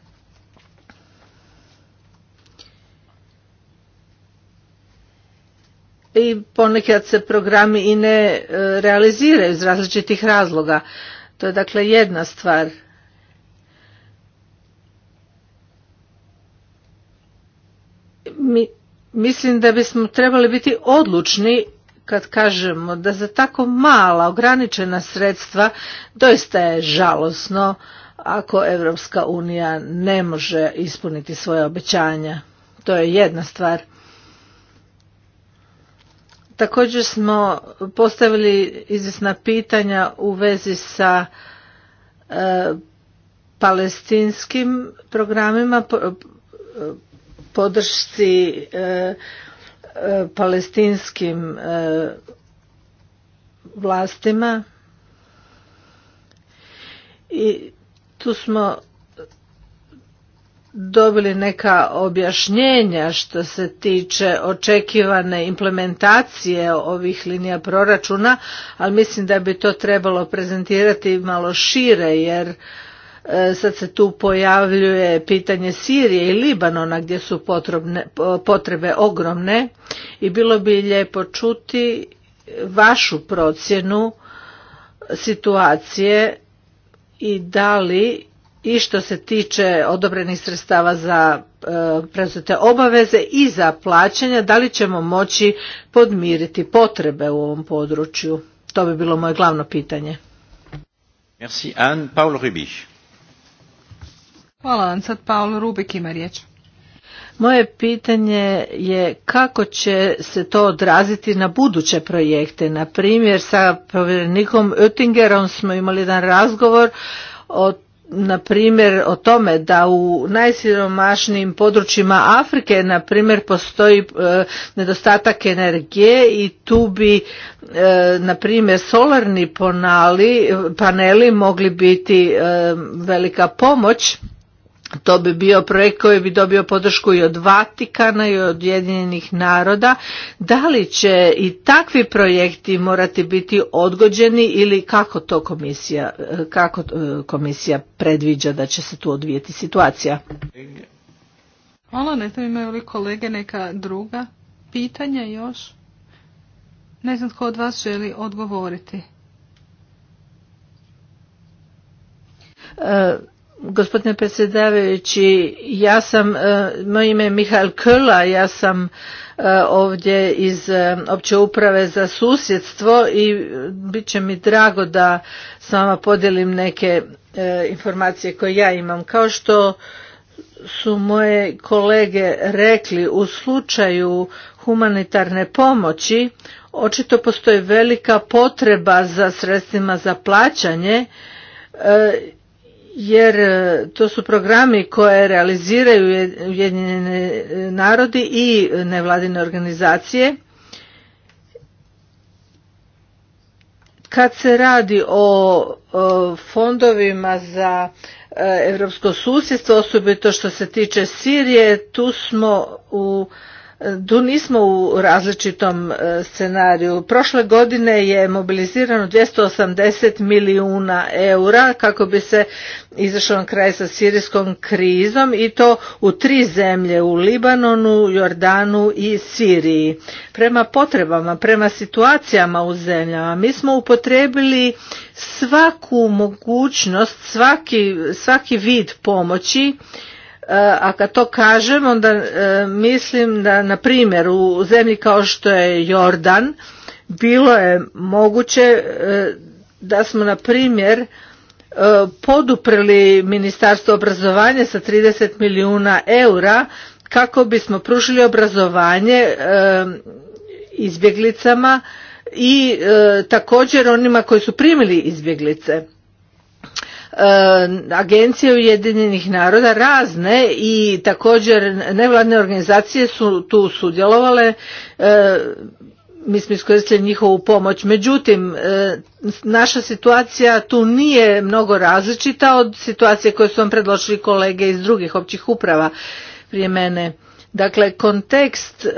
i ponekad se programi i ne e, realiziraju iz različitih razloga. To je dakle jedna stvar. mislim da bismo trebali biti odlučni kad kažemo da za tako mala ograničena sredstva doista je žalosno ako Evropska unija ne može ispuniti svoje obećanja. To je jedna stvar. Također smo postavili izvjesna pitanja u vezi sa e, palestinskim programima, e, podršci e, E, palestinskim e, vlastima i tu smo dobili neka objašnjenja što se tiče očekivane implementacije ovih linija proračuna, ali mislim da bi to trebalo prezentirati malo šire jer E, sad se tu pojavljuje pitanje Sirije i Libanona gdje su potrebne, potrebe ogromne i bilo bi lijepo čuti vašu procjenu situacije i da li i što se tiče odobrenih sredstava za e, preuzete obaveze i za plaćanja, da li ćemo moći podmiriti potrebe u ovom području? To bi bilo moje glavno pitanje. Merci Anne, Paul Hvala vam. Sad Paolo Rubik ima riječ. Moje pitanje je kako će se to odraziti na buduće projekte. Na primjer, sa povjerenikom Oettingerom smo imali jedan razgovor o na primjer o tome da u najsiromašnijim područjima Afrike na primjer postoji e, nedostatak energije i tu bi e, na primjer solarni paneli mogli biti e, velika pomoć to bi bio projekt koji bi dobio podršku i od Vatikana i od Jedinjenih naroda. Da li će i takvi projekti morati biti odgođeni ili kako to komisija, kako e, komisija predviđa da će se tu odvijeti situacija? Hvala, ne znam imaju li kolege neka druga pitanja još? Ne znam tko od vas želi odgovoriti. E Gospodine predsjedavajući, ja sam, e, moje ime je Mihajl ja sam e, ovdje iz e, opće uprave za susjedstvo i bit će mi drago da s vama podijelim neke informacije koje ja imam. Kao što su moje kolege rekli u slučaju humanitarne pomoći, očito postoji velika potreba za sredstvima za plaćanje jer e, to su programi koje realiziraju Ujedinjeni narodi i nevladine organizacije. Kad se radi o fondovima za europsko susjedstvo, osobito što se tiče Sirije, tu smo u tu nismo u različitom e, scenariju. Prošle godine je mobilizirano 280 milijuna eura kako bi se izašao kraj sa sirijskom krizom i to u tri zemlje u Libanonu, Jordanu i Siriji. Prema potrebama, prema situacijama u zemljama mi smo upotrebili svaku mogućnost, svaki, svaki vid pomoći a kad to kažem onda e, mislim da na primjer u zemlji kao što je Jordan bilo je moguće e, da smo na primjer e, poduprli ministarstvo obrazovanja sa 30 milijuna eura kako bismo pružili obrazovanje izbjeglicama i također onima koji su primili izbjeglice E, agencije Ujedinjenih naroda razne i također nevladne organizacije su tu sudjelovale e, mi smo iskoristili njihovu pomoć. Međutim, e, naša situacija tu nije mnogo različita od situacije koje su vam predložili kolege iz drugih općih uprava prije mene. Dakle, kontekst e,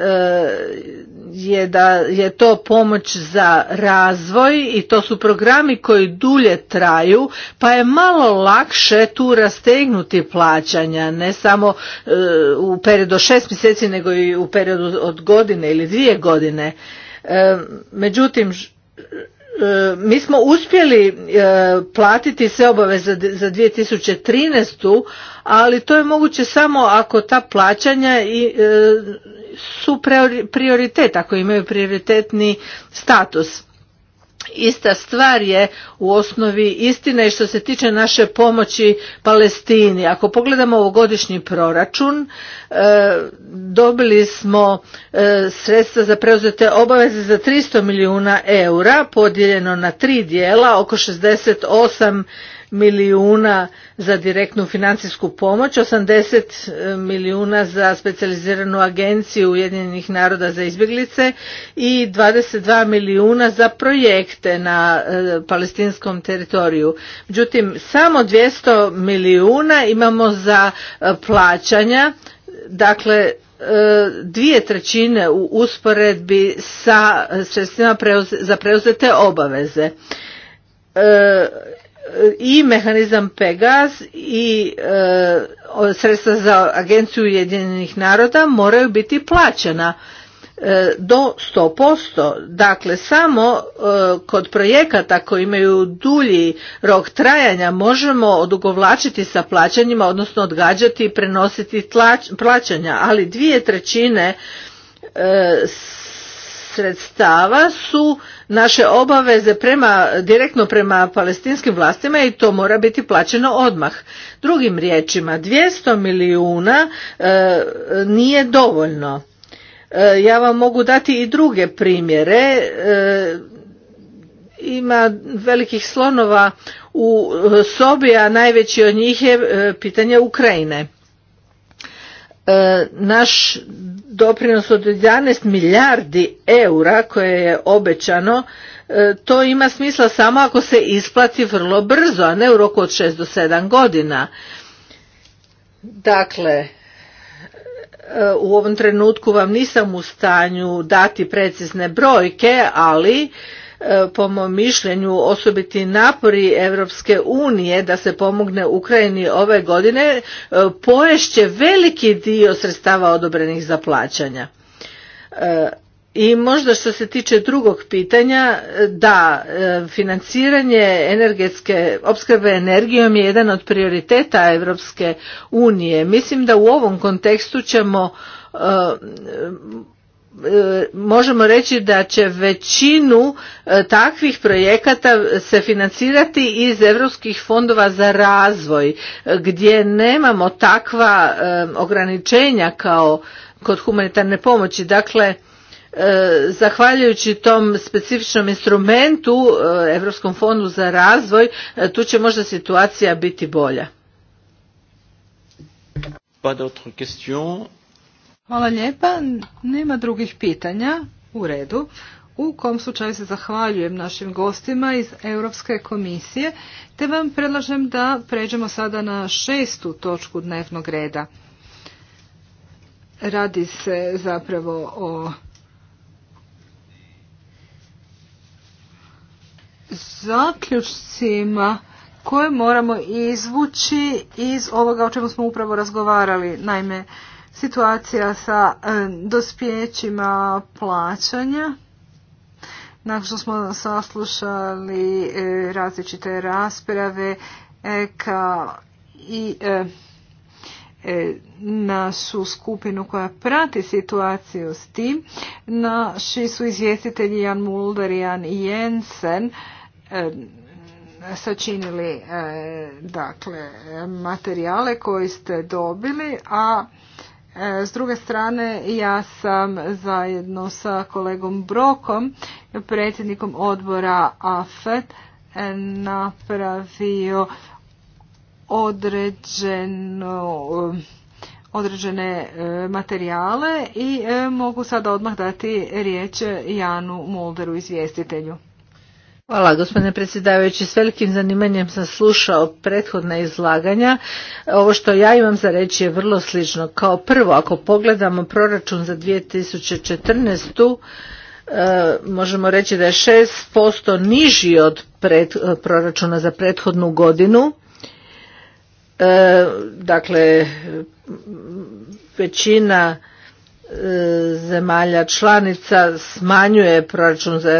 je da je to pomoć za razvoj i to su programi koji dulje traju, pa je malo lakše tu rastegnuti plaćanja, ne samo e, u periodu od šest mjeseci, nego i u periodu od godine ili dvije godine. E, međutim, mi smo uspjeli e, platiti sve obaveze za 2013. ali to je moguće samo ako ta plaćanja e, su prioritet, ako imaju prioritetni status ista stvar je u osnovi istina i što se tiče naše pomoći Palestini. Ako pogledamo ovogodišnji proračun, e, dobili smo e, sredstva za preuzete obaveze za 300 milijuna eura, podijeljeno na tri dijela, oko 68 milijuna za direktnu financijsku pomoć, 80 e, milijuna za specijaliziranu agenciju Ujedinjenih naroda za izbjeglice i 22 milijuna za projekte na e, palestinskom teritoriju. Međutim, samo 200 milijuna imamo za e, plaćanja, dakle dvije trećine u usporedbi sa sredstvima za preuzete obaveze i mehanizam Pegas i e, sredstva za agenciju Ujedinjenih naroda moraju biti plaćena e, do 100%. Dakle, samo e, kod projekata koji imaju dulji rok trajanja možemo odugovlačiti sa plaćanjima, odnosno odgađati i prenositi plaćanja, ali dvije trećine sredstava su naše obaveze prema, direktno prema palestinskim vlastima i to mora biti plaćeno odmah. Drugim riječima, 200 milijuna e, nije dovoljno. E, ja vam mogu dati i druge primjere. E, ima velikih slonova u sobi, a najveći od njih je pitanje Ukrajine. E, naš doprinos od 11 milijardi eura koje je obećano, e, to ima smisla samo ako se isplati vrlo brzo, a ne u roku od 6 do 7 godina. Dakle, e, u ovom trenutku vam nisam u stanju dati precizne brojke, ali E, po mom mišljenju osobiti napori Europske unije da se pomogne Ukrajini ove godine e, poješće veliki dio sredstava odobrenih za plaćanja. E, I možda što se tiče drugog pitanja, da, financiranje energetske opskrbe energijom je jedan od prioriteta Europske unije. Mislim da u ovom kontekstu ćemo možemo reći da će većinu e, takvih projekata se financirati iz europskih fondova za razvoj gdje nemamo takva e, ograničenja kao kod humanitarne pomoći dakle e, zahvaljujući tom specifičnom instrumentu europskom fondu za razvoj tu će možda situacija biti bolja Hvala lijepa. Nema drugih pitanja. U redu. U kom slučaju se zahvaljujem našim gostima iz Europske komisije, te vam predlažem da pređemo sada na šestu točku dnevnog reda. Radi se zapravo o zaključcima koje moramo izvući iz ovoga o čemu smo upravo razgovarali. Naime, situacija sa e, dospjećima plaćanja. Nakon što smo saslušali e, različite rasprave e, ka i našu skupinu koja prati situaciju s tim. Naši su izvjestitelji Jan Mulder i Jan Jensen sačinili dakle materijale koji ste dobili, a E, s druge strane, ja sam zajedno sa kolegom Brokom, predsjednikom odbora AFET, napravio određene e, materijale i e, mogu sada odmah dati riječ Janu Mulderu izvjestitelju. Hvala gospodine predsjedavajući. S velikim zanimanjem sam slušao prethodna izlaganja. Ovo što ja imam za reći je vrlo slično. Kao prvo, ako pogledamo proračun za 2014. četrnaest e, možemo reći da je 6% niži od e, proračuna za prethodnu godinu. E, dakle, većina zemalja članica smanjuje proračun za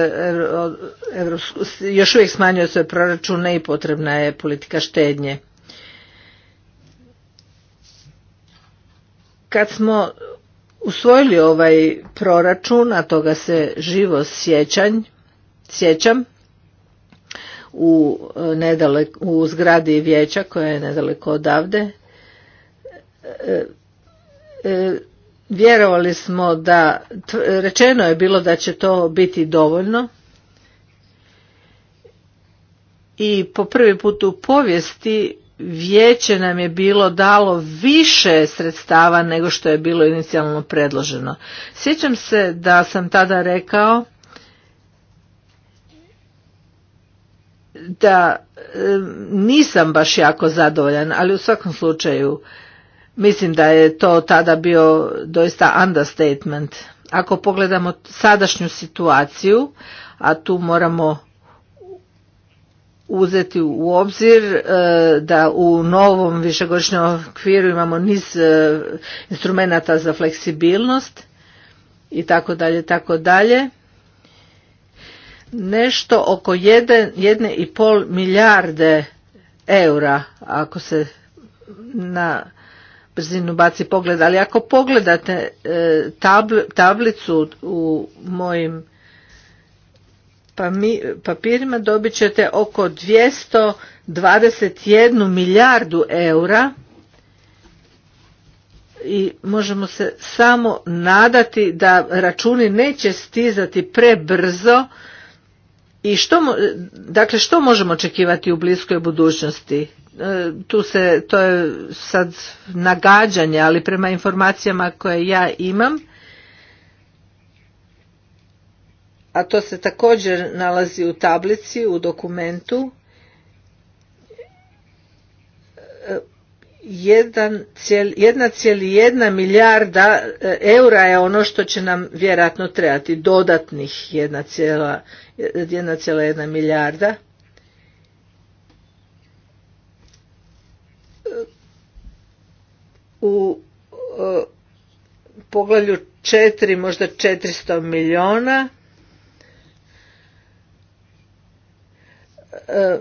Evropsku, još uvijek smanjuje se proračune i potrebna je politika štednje. Kad smo usvojili ovaj proračun, a toga se živo sjećanj, sjećam, u, u zgradi vijeća koja je nedaleko odavde, e, e, vjerovali smo da rečeno je bilo da će to biti dovoljno i po prvi put u povijesti vijeće nam je bilo dalo više sredstava nego što je bilo inicijalno predloženo. Sjećam se da sam tada rekao da e, nisam baš jako zadovoljan, ali u svakom slučaju Mislim da je to tada bio doista understatement. Ako pogledamo sadašnju situaciju, a tu moramo uzeti u obzir e, da u novom višegodišnjem okviru imamo niz e, instrumenata za fleksibilnost i tako dalje, tako dalje. Nešto oko jedne i pol milijarde eura, ako se na brzinu baci pogled, ali ako pogledate e, tablicu u mojim pa papirima dobit ćete oko 221 milijardu eura i možemo se samo nadati da računi neće stizati prebrzo i što, dakle, što možemo očekivati u bliskoj budućnosti? E, tu se, to je sad nagađanje, ali prema informacijama koje ja imam, a to se također nalazi u tablici, u dokumentu, 1,1 e, milijarda e, eura je ono što će nam vjerojatno trebati, dodatnih 1,1 1,1 milijarda. U poglavlju 4, možda 400 milijona. E,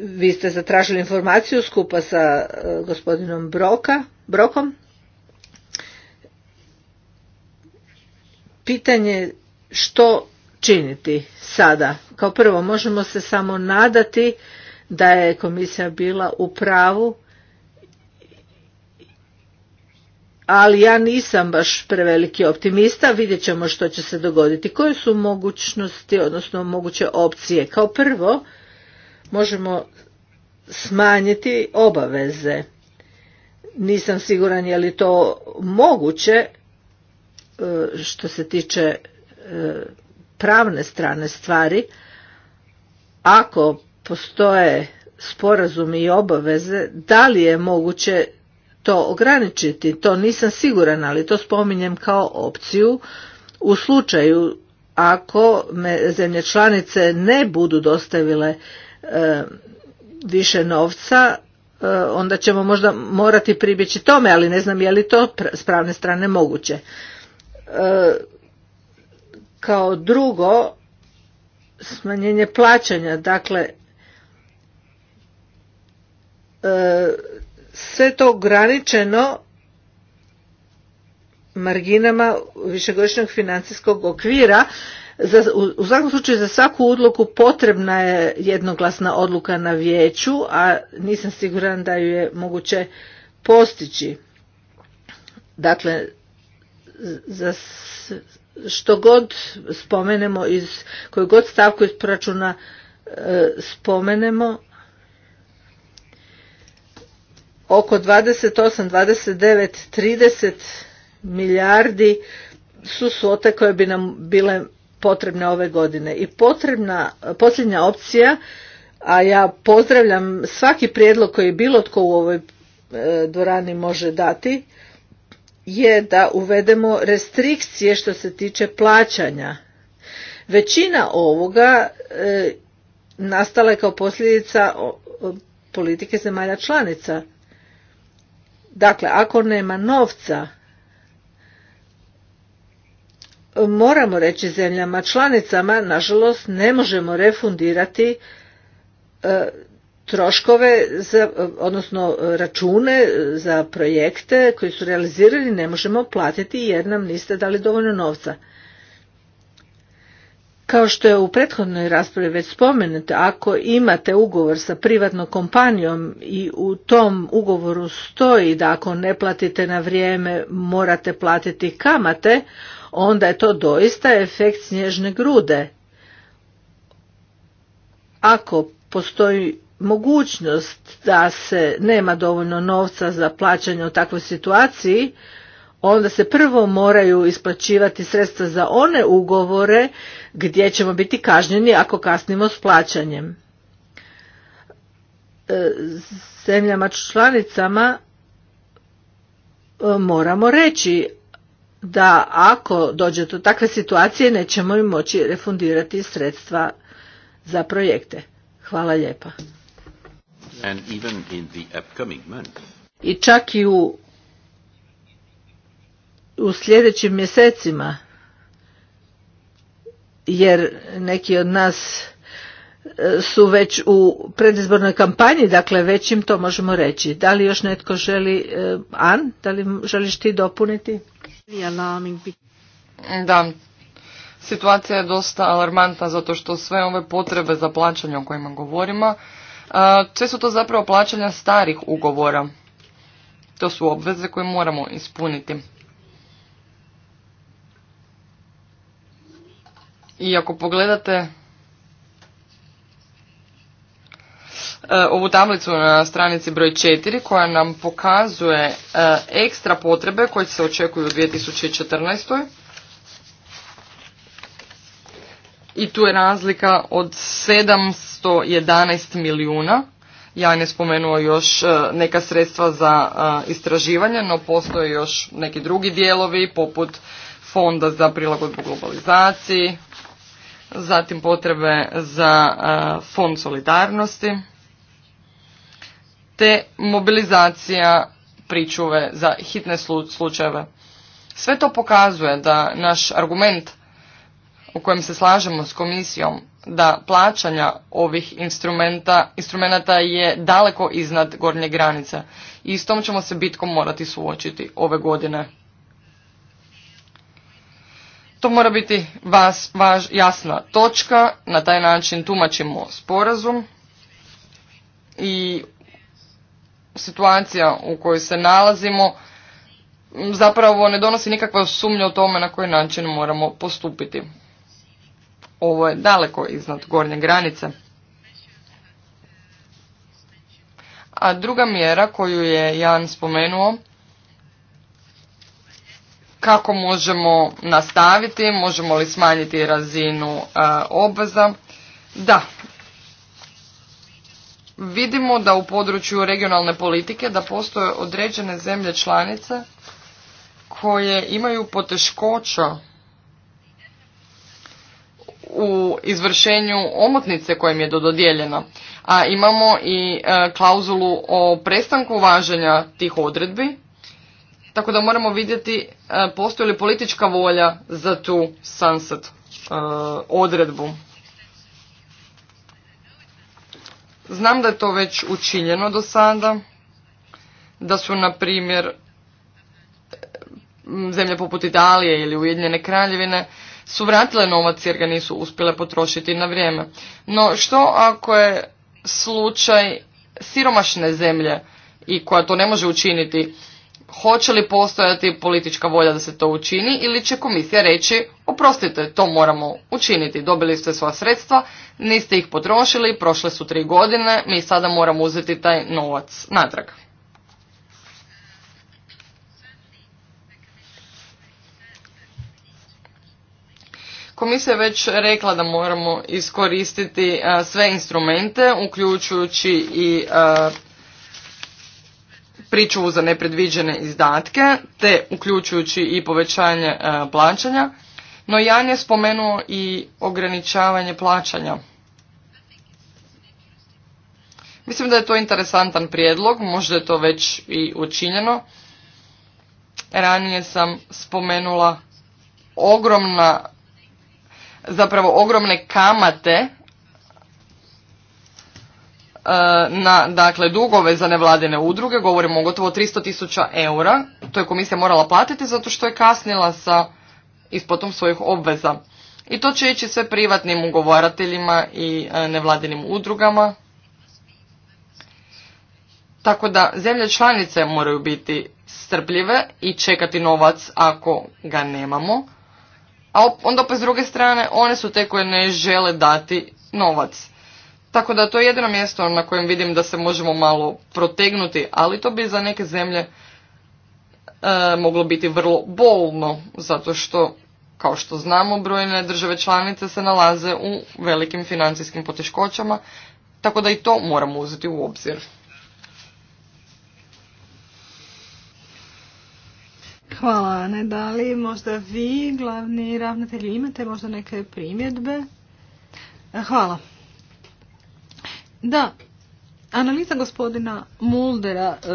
vi ste zatražili informaciju skupa sa e, gospodinom Broka, Brokom. Pitanje što činiti sada. Kao prvo možemo se samo nadati da je komisija bila u pravu, ali ja nisam baš preveliki optimista, vidjet ćemo što će se dogoditi. Koje su mogućnosti, odnosno moguće opcije? Kao prvo možemo smanjiti obaveze. Nisam siguran je li to moguće e, što se tiče pravne strane stvari, ako postoje sporazumi i obaveze, da li je moguće to ograničiti? To nisam siguran, ali to spominjem kao opciju u slučaju ako me zemlje članice ne budu dostavile e, više novca, e, onda ćemo možda morati pribjeći tome, ali ne znam je li to s pravne strane moguće. E, kao drugo smanjenje plaćanja dakle e, sve to ograničeno marginama višegodišnjeg financijskog okvira za, u svakom slučaju za svaku odluku potrebna je jednoglasna odluka na vijeću a nisam siguran da ju je moguće postići dakle za što god spomenemo iz koju god stavku iz proračuna e, spomenemo oko 28, 29, 30 milijardi su svote koje bi nam bile potrebne ove godine. I potrebna, posljednja opcija, a ja pozdravljam svaki prijedlog koji bilo tko u ovoj e, dvorani može dati, je da uvedemo restrikcije što se tiče plaćanja. Većina ovoga e, nastala je kao posljedica politike zemalja članica. Dakle, ako nema novca, moramo reći zemljama članicama, nažalost, ne možemo refundirati e, troškove, za, odnosno račune za projekte koji su realizirani ne možemo platiti jer nam niste dali dovoljno novca. Kao što je u prethodnoj raspravi već spomenuto, ako imate ugovor sa privatnom kompanijom i u tom ugovoru stoji da ako ne platite na vrijeme morate platiti kamate, onda je to doista efekt snježne grude. Ako postoji mogućnost da se nema dovoljno novca za plaćanje u takvoj situaciji, onda se prvo moraju isplaćivati sredstva za one ugovore gdje ćemo biti kažnjeni ako kasnimo s plaćanjem. E, zemljama članicama e, moramo reći da ako dođe do takve situacije nećemo im moći refundirati sredstva za projekte. Hvala lijepa. And I čak i u, u sljedećim mjesecima, jer neki od nas e, su već u predizbornoj kampanji, dakle već im to možemo reći. Da li još netko želi, e, An, da li želiš ti dopuniti? Da, situacija je dosta alarmantna zato što sve ove potrebe za plaćanje o kojima govorimo sve su to zapravo plaćanja starih ugovora. To su obveze koje moramo ispuniti. I ako pogledate e, ovu tablicu na stranici broj 4 koja nam pokazuje e, ekstra potrebe koje se očekuju u 2014. i tu je razlika od 711 milijuna. Ja ne spomenuo još e, neka sredstva za e, istraživanje, no postoje još neki drugi dijelovi poput fonda za prilagodbu globalizaciji, zatim potrebe za e, fond solidarnosti, te mobilizacija pričuve za hitne slučajeve. Sve to pokazuje da naš argument u kojem se slažemo s komisijom da plaćanja ovih instrumenta, je daleko iznad gornje granice i s tom ćemo se bitkom morati suočiti ove godine. To mora biti vas, jasna točka, na taj način tumačimo sporazum i situacija u kojoj se nalazimo zapravo ne donosi nikakva sumnja o tome na koji način moramo postupiti. Ovo je daleko iznad gornje granice. A druga mjera koju je Jan spomenuo, kako možemo nastaviti, možemo li smanjiti razinu e, obveza. Da, vidimo da u području regionalne politike da postoje određene zemlje članice koje imaju poteškoća u izvršenju omotnice kojim je dododjeljena. a imamo i e, klauzulu o prestanku važenja tih odredbi, tako da moramo vidjeti e, postoji li politička volja za tu sunset e, odredbu. Znam da je to već učinjeno do sada, da su, na primjer, zemlje poput Italije ili Ujedinjene kraljevine su vratile novac jer ga nisu uspjele potrošiti na vrijeme. No što ako je slučaj siromašne zemlje i koja to ne može učiniti, hoće li postojati politička volja da se to učini ili će komisija reći oprostite, to moramo učiniti, dobili ste sva sredstva, niste ih potrošili, prošle su tri godine, mi sada moramo uzeti taj novac natrag. Komisija je već rekla da moramo iskoristiti e, sve instrumente, uključujući i e, pričuvu za nepredviđene izdatke, te uključujući i povećanje e, plaćanja, no Jan je spomenuo i ograničavanje plaćanja. Mislim da je to interesantan prijedlog, možda je to već i učinjeno. Ranije sam spomenula ogromna zapravo ogromne kamate e, na dakle, dugove za nevladine udruge, govorimo o gotovo 300 tisuća eura, to je komisija morala platiti zato što je kasnila sa ispotom svojih obveza. I to će ići sve privatnim ugovarateljima i e, nevladinim udrugama. Tako da zemlje članice moraju biti strpljive i čekati novac ako ga nemamo a onda pa s druge strane one su te koje ne žele dati novac. Tako da to je jedino mjesto na kojem vidim da se možemo malo protegnuti, ali to bi za neke zemlje e, moglo biti vrlo bolno, zato što, kao što znamo, brojne države članice se nalaze u velikim financijskim poteškoćama, tako da i to moramo uzeti u obzir. Hvala, ne da li možda vi, glavni ravnatelj, imate možda neke primjedbe? E, hvala. Da, analiza gospodina Muldera e,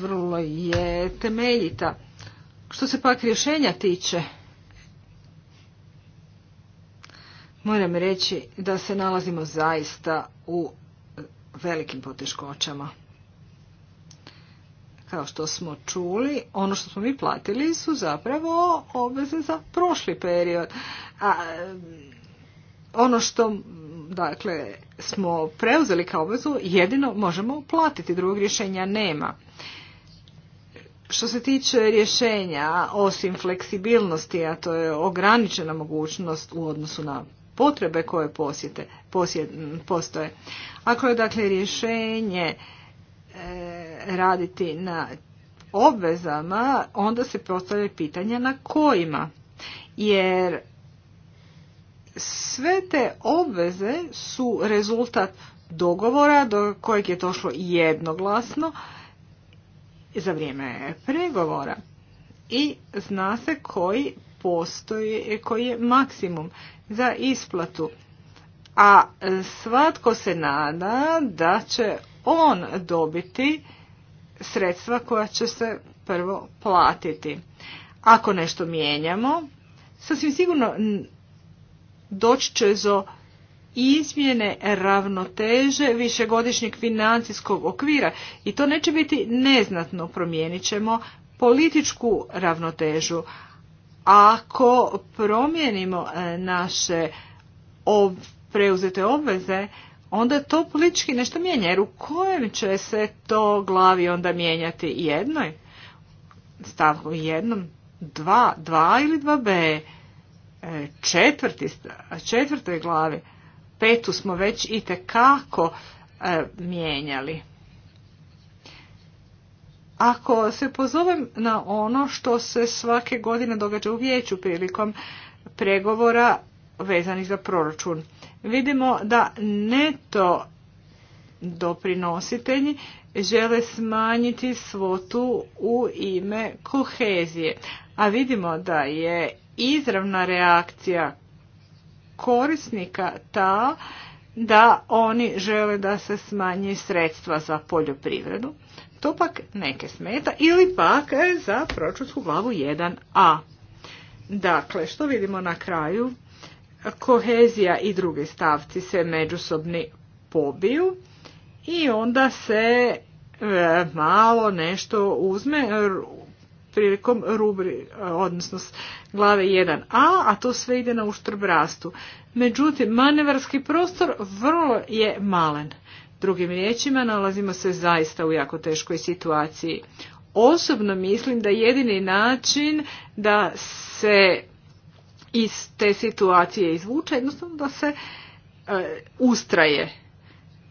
vrlo je temeljita. Što se pak rješenja tiče, moram reći da se nalazimo zaista u velikim poteškoćama. Kao što smo čuli, ono što smo mi platili su zapravo obveze za prošli period. A ono što dakle, smo preuzeli kao obvezu jedino možemo platiti, drugog rješenja nema. Što se tiče rješenja, osim fleksibilnosti, a to je ograničena mogućnost u odnosu na potrebe koje posjete, postoje, ako je dakle rješenje raditi na obvezama, onda se postavlja pitanje na kojima. Jer sve te obveze su rezultat dogovora do kojeg je došlo jednoglasno za vrijeme pregovora i zna se koji postoji, koji je maksimum za isplatu. A svatko se nada da će on dobiti sredstva koja će se prvo platiti. Ako nešto mijenjamo, sasvim sigurno doći će do izmjene ravnoteže višegodišnjeg financijskog okvira i to neće biti neznatno promijenit ćemo političku ravnotežu. Ako promijenimo e, naše preuzete obveze, onda to politički nešto mijenja. Jer u kojem će se to glavi onda mijenjati? Jednoj? Stavku jednom? Dva? Dva ili dva B? E, četvrti, četvrtoj glavi? Petu smo već i tekako e, mijenjali. Ako se pozovem na ono što se svake godine događa u vijeću prilikom pregovora vezanih za proračun vidimo da neto doprinositelji žele smanjiti svotu u ime kohezije. A vidimo da je izravna reakcija korisnika ta da oni žele da se smanji sredstva za poljoprivredu. To pak neke smeta ili pak za pročutku glavu 1a. Dakle, što vidimo na kraju? kohezija i drugi stavci se međusobni pobiju i onda se e, malo nešto uzme prilikom rubri, odnosno glave 1a, a to sve ide na uštrb rastu. Međutim, manevarski prostor vrlo je malen. Drugim riječima, nalazimo se zaista u jako teškoj situaciji. Osobno mislim da jedini način da se iz te situacije izvuče, jednostavno da se e, ustraje.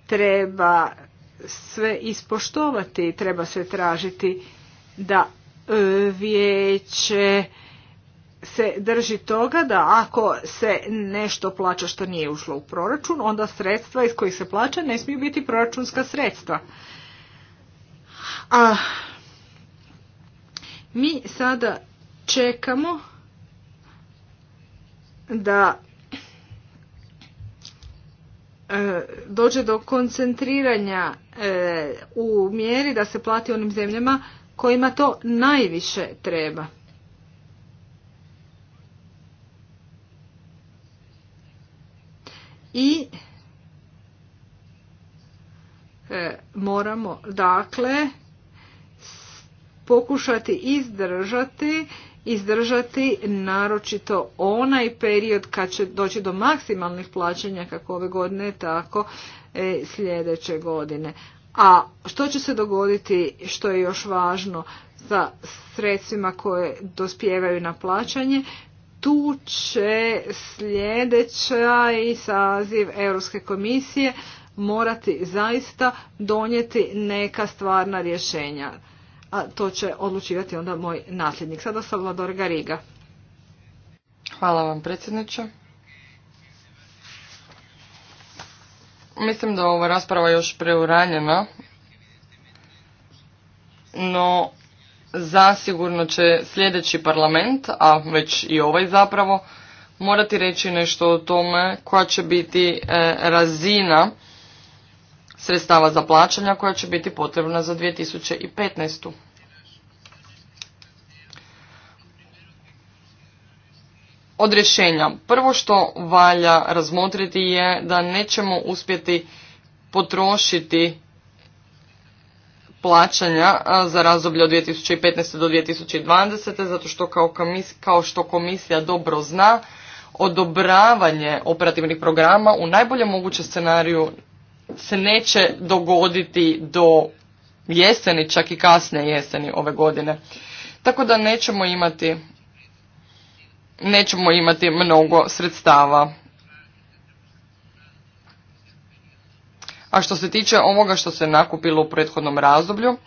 Treba sve ispoštovati, treba se tražiti da e, vijeće se drži toga da ako se nešto plaća što nije ušlo u proračun, onda sredstva iz kojih se plaća ne smiju biti proračunska sredstva. A mi sada čekamo da e, dođe do koncentriranja e, u mjeri da se plati onim zemljama kojima to najviše treba. I e, moramo dakle pokušati izdržati izdržati naročito onaj period kad će doći do maksimalnih plaćanja kako ove godine tako e, sljedeće godine. A što će se dogoditi što je još važno sa sredstvima koje dospijevaju na plaćanje? Tu će sljedeća i saziv Europske komisije morati zaista donijeti neka stvarna rješenja a to će odlučivati onda moj nasljednik. Sada Salvador Gariga. Hvala vam predsjedniče. Mislim da ova rasprava još preuranjena, no zasigurno će sljedeći parlament, a već i ovaj zapravo, morati reći nešto o tome koja će biti e, razina sredstava za plaćanja koja će biti potrebna za 2015. Od rješenja. Prvo što valja razmotriti je da nećemo uspjeti potrošiti plaćanja za razdoblje od 2015. do 2020. zato što kao, kao što komisija dobro zna, odobravanje operativnih programa u najboljem mogućem scenariju se neće dogoditi do jeseni, čak i kasne jeseni ove godine. Tako da nećemo imati nećemo imati mnogo sredstava. A što se tiče ovoga što se nakupilo u prethodnom razdoblju,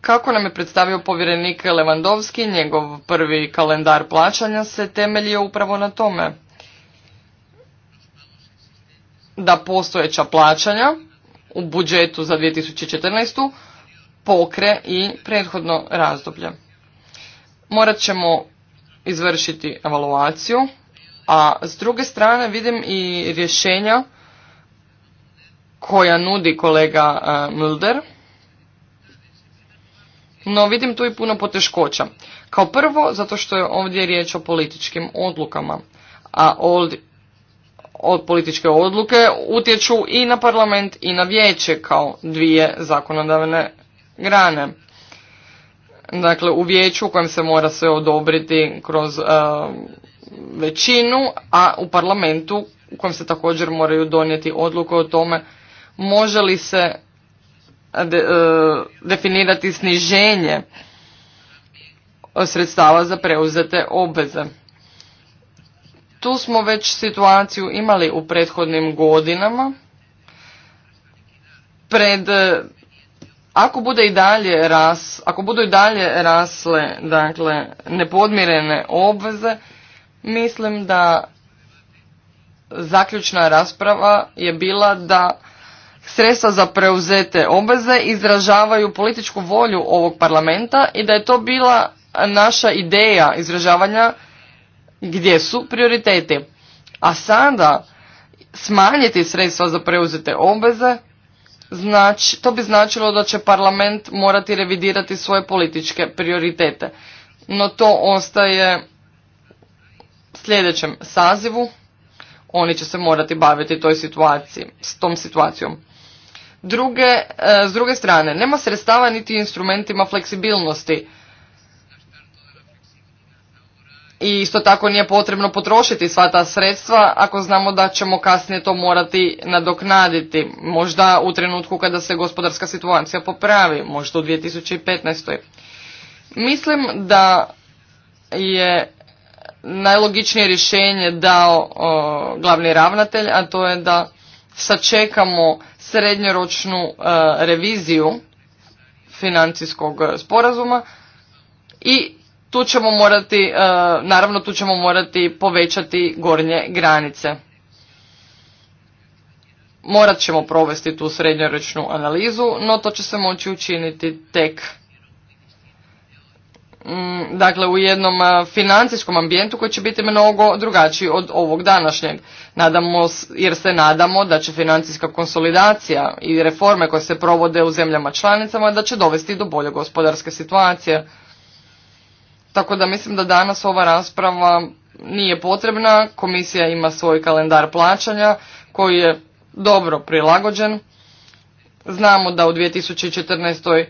kako nam je predstavio povjerenik Levandovski, njegov prvi kalendar plaćanja se temeljio upravo na tome da postojeća plaćanja u budžetu za 2014. pokre i prethodno razdoblje. Morat ćemo izvršiti evaluaciju, a s druge strane vidim i rješenja koja nudi kolega e, Mulder, no vidim tu i puno poteškoća. Kao prvo, zato što je ovdje riječ o političkim odlukama, a od političke odluke utječu i na parlament i na vijeće kao dvije zakonodavne grane. Dakle, u vijeću u kojem se mora sve odobriti kroz e, većinu, a u parlamentu u kojem se također moraju donijeti odluke o tome može li se e, definirati sniženje sredstava za preuzete obveze. Tu smo već situaciju imali u prethodnim godinama. Pred, e, ako bude i dalje ras, ako budu i dalje rasle dakle, nepodmirene obveze, mislim da zaključna rasprava je bila da sredstva za preuzete obveze izražavaju političku volju ovog parlamenta i da je to bila naša ideja izražavanja gdje su prioriteti. A sada smanjiti sredstva za preuzete obveze, znači, to bi značilo da će parlament morati revidirati svoje političke prioritete. No to ostaje sljedećem sazivu, oni će se morati baviti toj situaciji, s tom situacijom. Druge, e, s druge strane, nema sredstava niti instrumentima fleksibilnosti i isto tako nije potrebno potrošiti sva ta sredstva ako znamo da ćemo kasnije to morati nadoknaditi. Možda u trenutku kada se gospodarska situacija popravi, možda u 2015. Mislim da je najlogičnije rješenje dao glavni ravnatelj, a to je da sačekamo srednjoročnu e, reviziju financijskog e, sporazuma i tu ćemo morati, e, naravno tu ćemo morati povećati gornje granice. Morat ćemo provesti tu srednjoročnu analizu, no to će se moći učiniti tek mm, dakle u jednom e, financijskom ambijentu koji će biti mnogo drugačiji od ovog današnjeg. Nadamo, jer se nadamo da će financijska konsolidacija i reforme koje se provode u zemljama članicama da će dovesti do bolje gospodarske situacije. Tako da mislim da danas ova rasprava nije potrebna. Komisija ima svoj kalendar plaćanja koji je dobro prilagođen. Znamo da u 2014.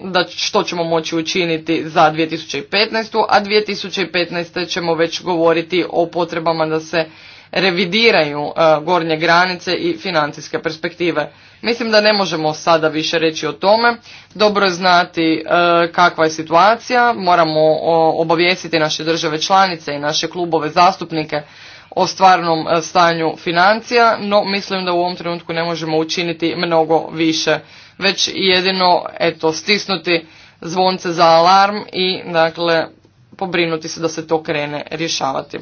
da što ćemo moći učiniti za 2015. a 2015. ćemo već govoriti o potrebama da se revidiraju e, gornje granice i financijske perspektive. Mislim da ne možemo sada više reći o tome. Dobro je znati e, kakva je situacija. Moramo obavijestiti naše države članice i naše klubove zastupnike o stvarnom e, stanju financija, no mislim da u ovom trenutku ne možemo učiniti mnogo više, već jedino eto, stisnuti zvonce za alarm i dakle pobrinuti se da se to krene rješavati.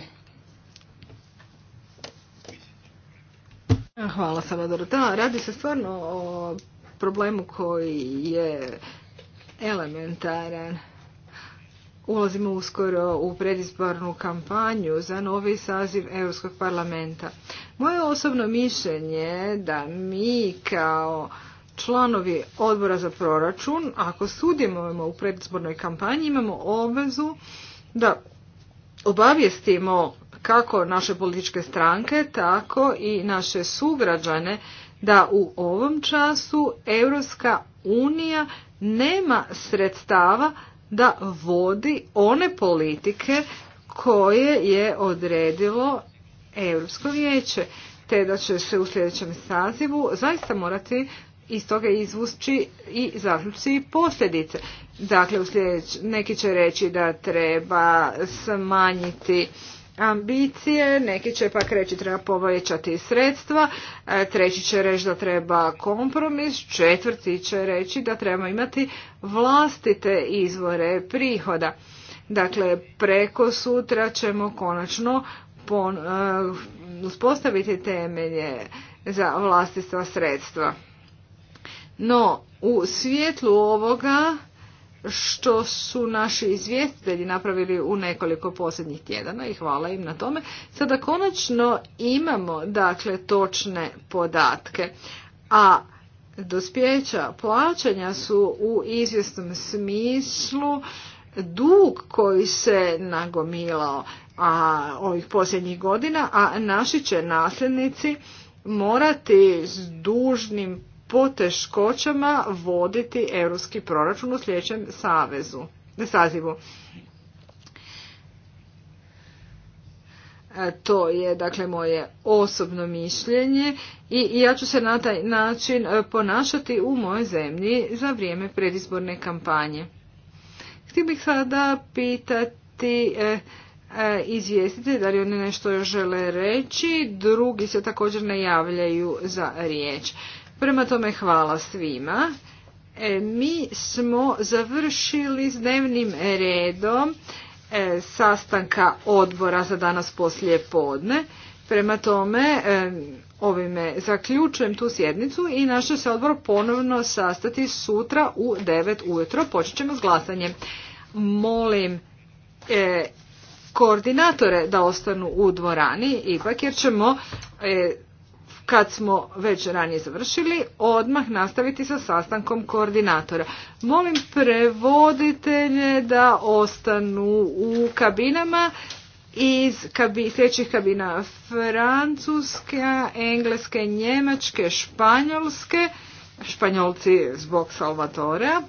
Hvala Salvador. Da, radi se stvarno o problemu koji je elementaran. Ulazimo uskoro u predizbornu kampanju za novi saziv Europskog parlamenta. Moje osobno mišljenje je da mi kao članovi odbora za proračun, ako sudjelujemo u predizbornoj kampanji, imamo obvezu da obavijestimo kako naše političke stranke, tako i naše sugrađane da u ovom času Europska unija nema sredstava da vodi one politike koje je odredilo Europsko vijeće, te da će se u sljedećem sazivu zaista morati iz toga izvući i zaključiti posljedice. Dakle, neki će reći da treba smanjiti ambicije, neki će pak reći treba povećati sredstva, e, treći će reći da treba kompromis, četvrti će reći da treba imati vlastite izvore prihoda. Dakle, preko sutra ćemo konačno e, uspostaviti temelje za vlastita sredstva. No, u svjetlu ovoga što su naši izvjestitelji napravili u nekoliko posljednjih tjedana i hvala im na tome. Sada konačno imamo dakle točne podatke, a dospjeća plaćanja su u izvjesnom smislu dug koji se nagomilao a, ovih posljednjih godina, a naši će nasljednici morati s dužnim poteškoćama voditi europski proračun u sljedećem savezu, sazivu. E, to je dakle moje osobno mišljenje i ja ću se na taj način e, ponašati u mojoj zemlji za vrijeme predizborne kampanje. Htio bih sada pitati e, izvijestiti da li oni nešto žele reći, drugi se također ne javljaju za riječ. Prema tome hvala svima. E, mi smo završili s dnevnim redom e, sastanka odbora za danas poslije podne. Prema tome, e, ovime zaključujem tu sjednicu i naš će se odbor ponovno sastati sutra u 9 ujutro. Počet ćemo s glasanjem. Molim koordinatore da ostanu u dvorani, ipak jer ćemo kad smo već ranije završili, odmah nastaviti sa sastankom koordinatora. Molim prevoditelje da ostanu u kabinama iz kabi, sljedećih kabina Francuske, Engleske, Njemačke, Španjolske, Španjolci zbog Salvatorea.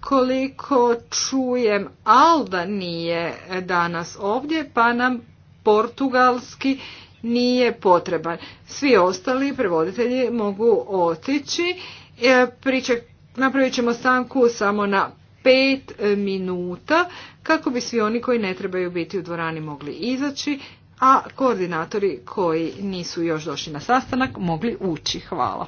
Koliko čujem, Alda nije danas ovdje, pa nam portugalski nije potreban. Svi ostali prevoditelji mogu otići. E, priček, napravit ćemo stanku samo na pet e, minuta kako bi svi oni koji ne trebaju biti u dvorani mogli izaći, a koordinatori koji nisu još došli na sastanak mogli ući. Hvala.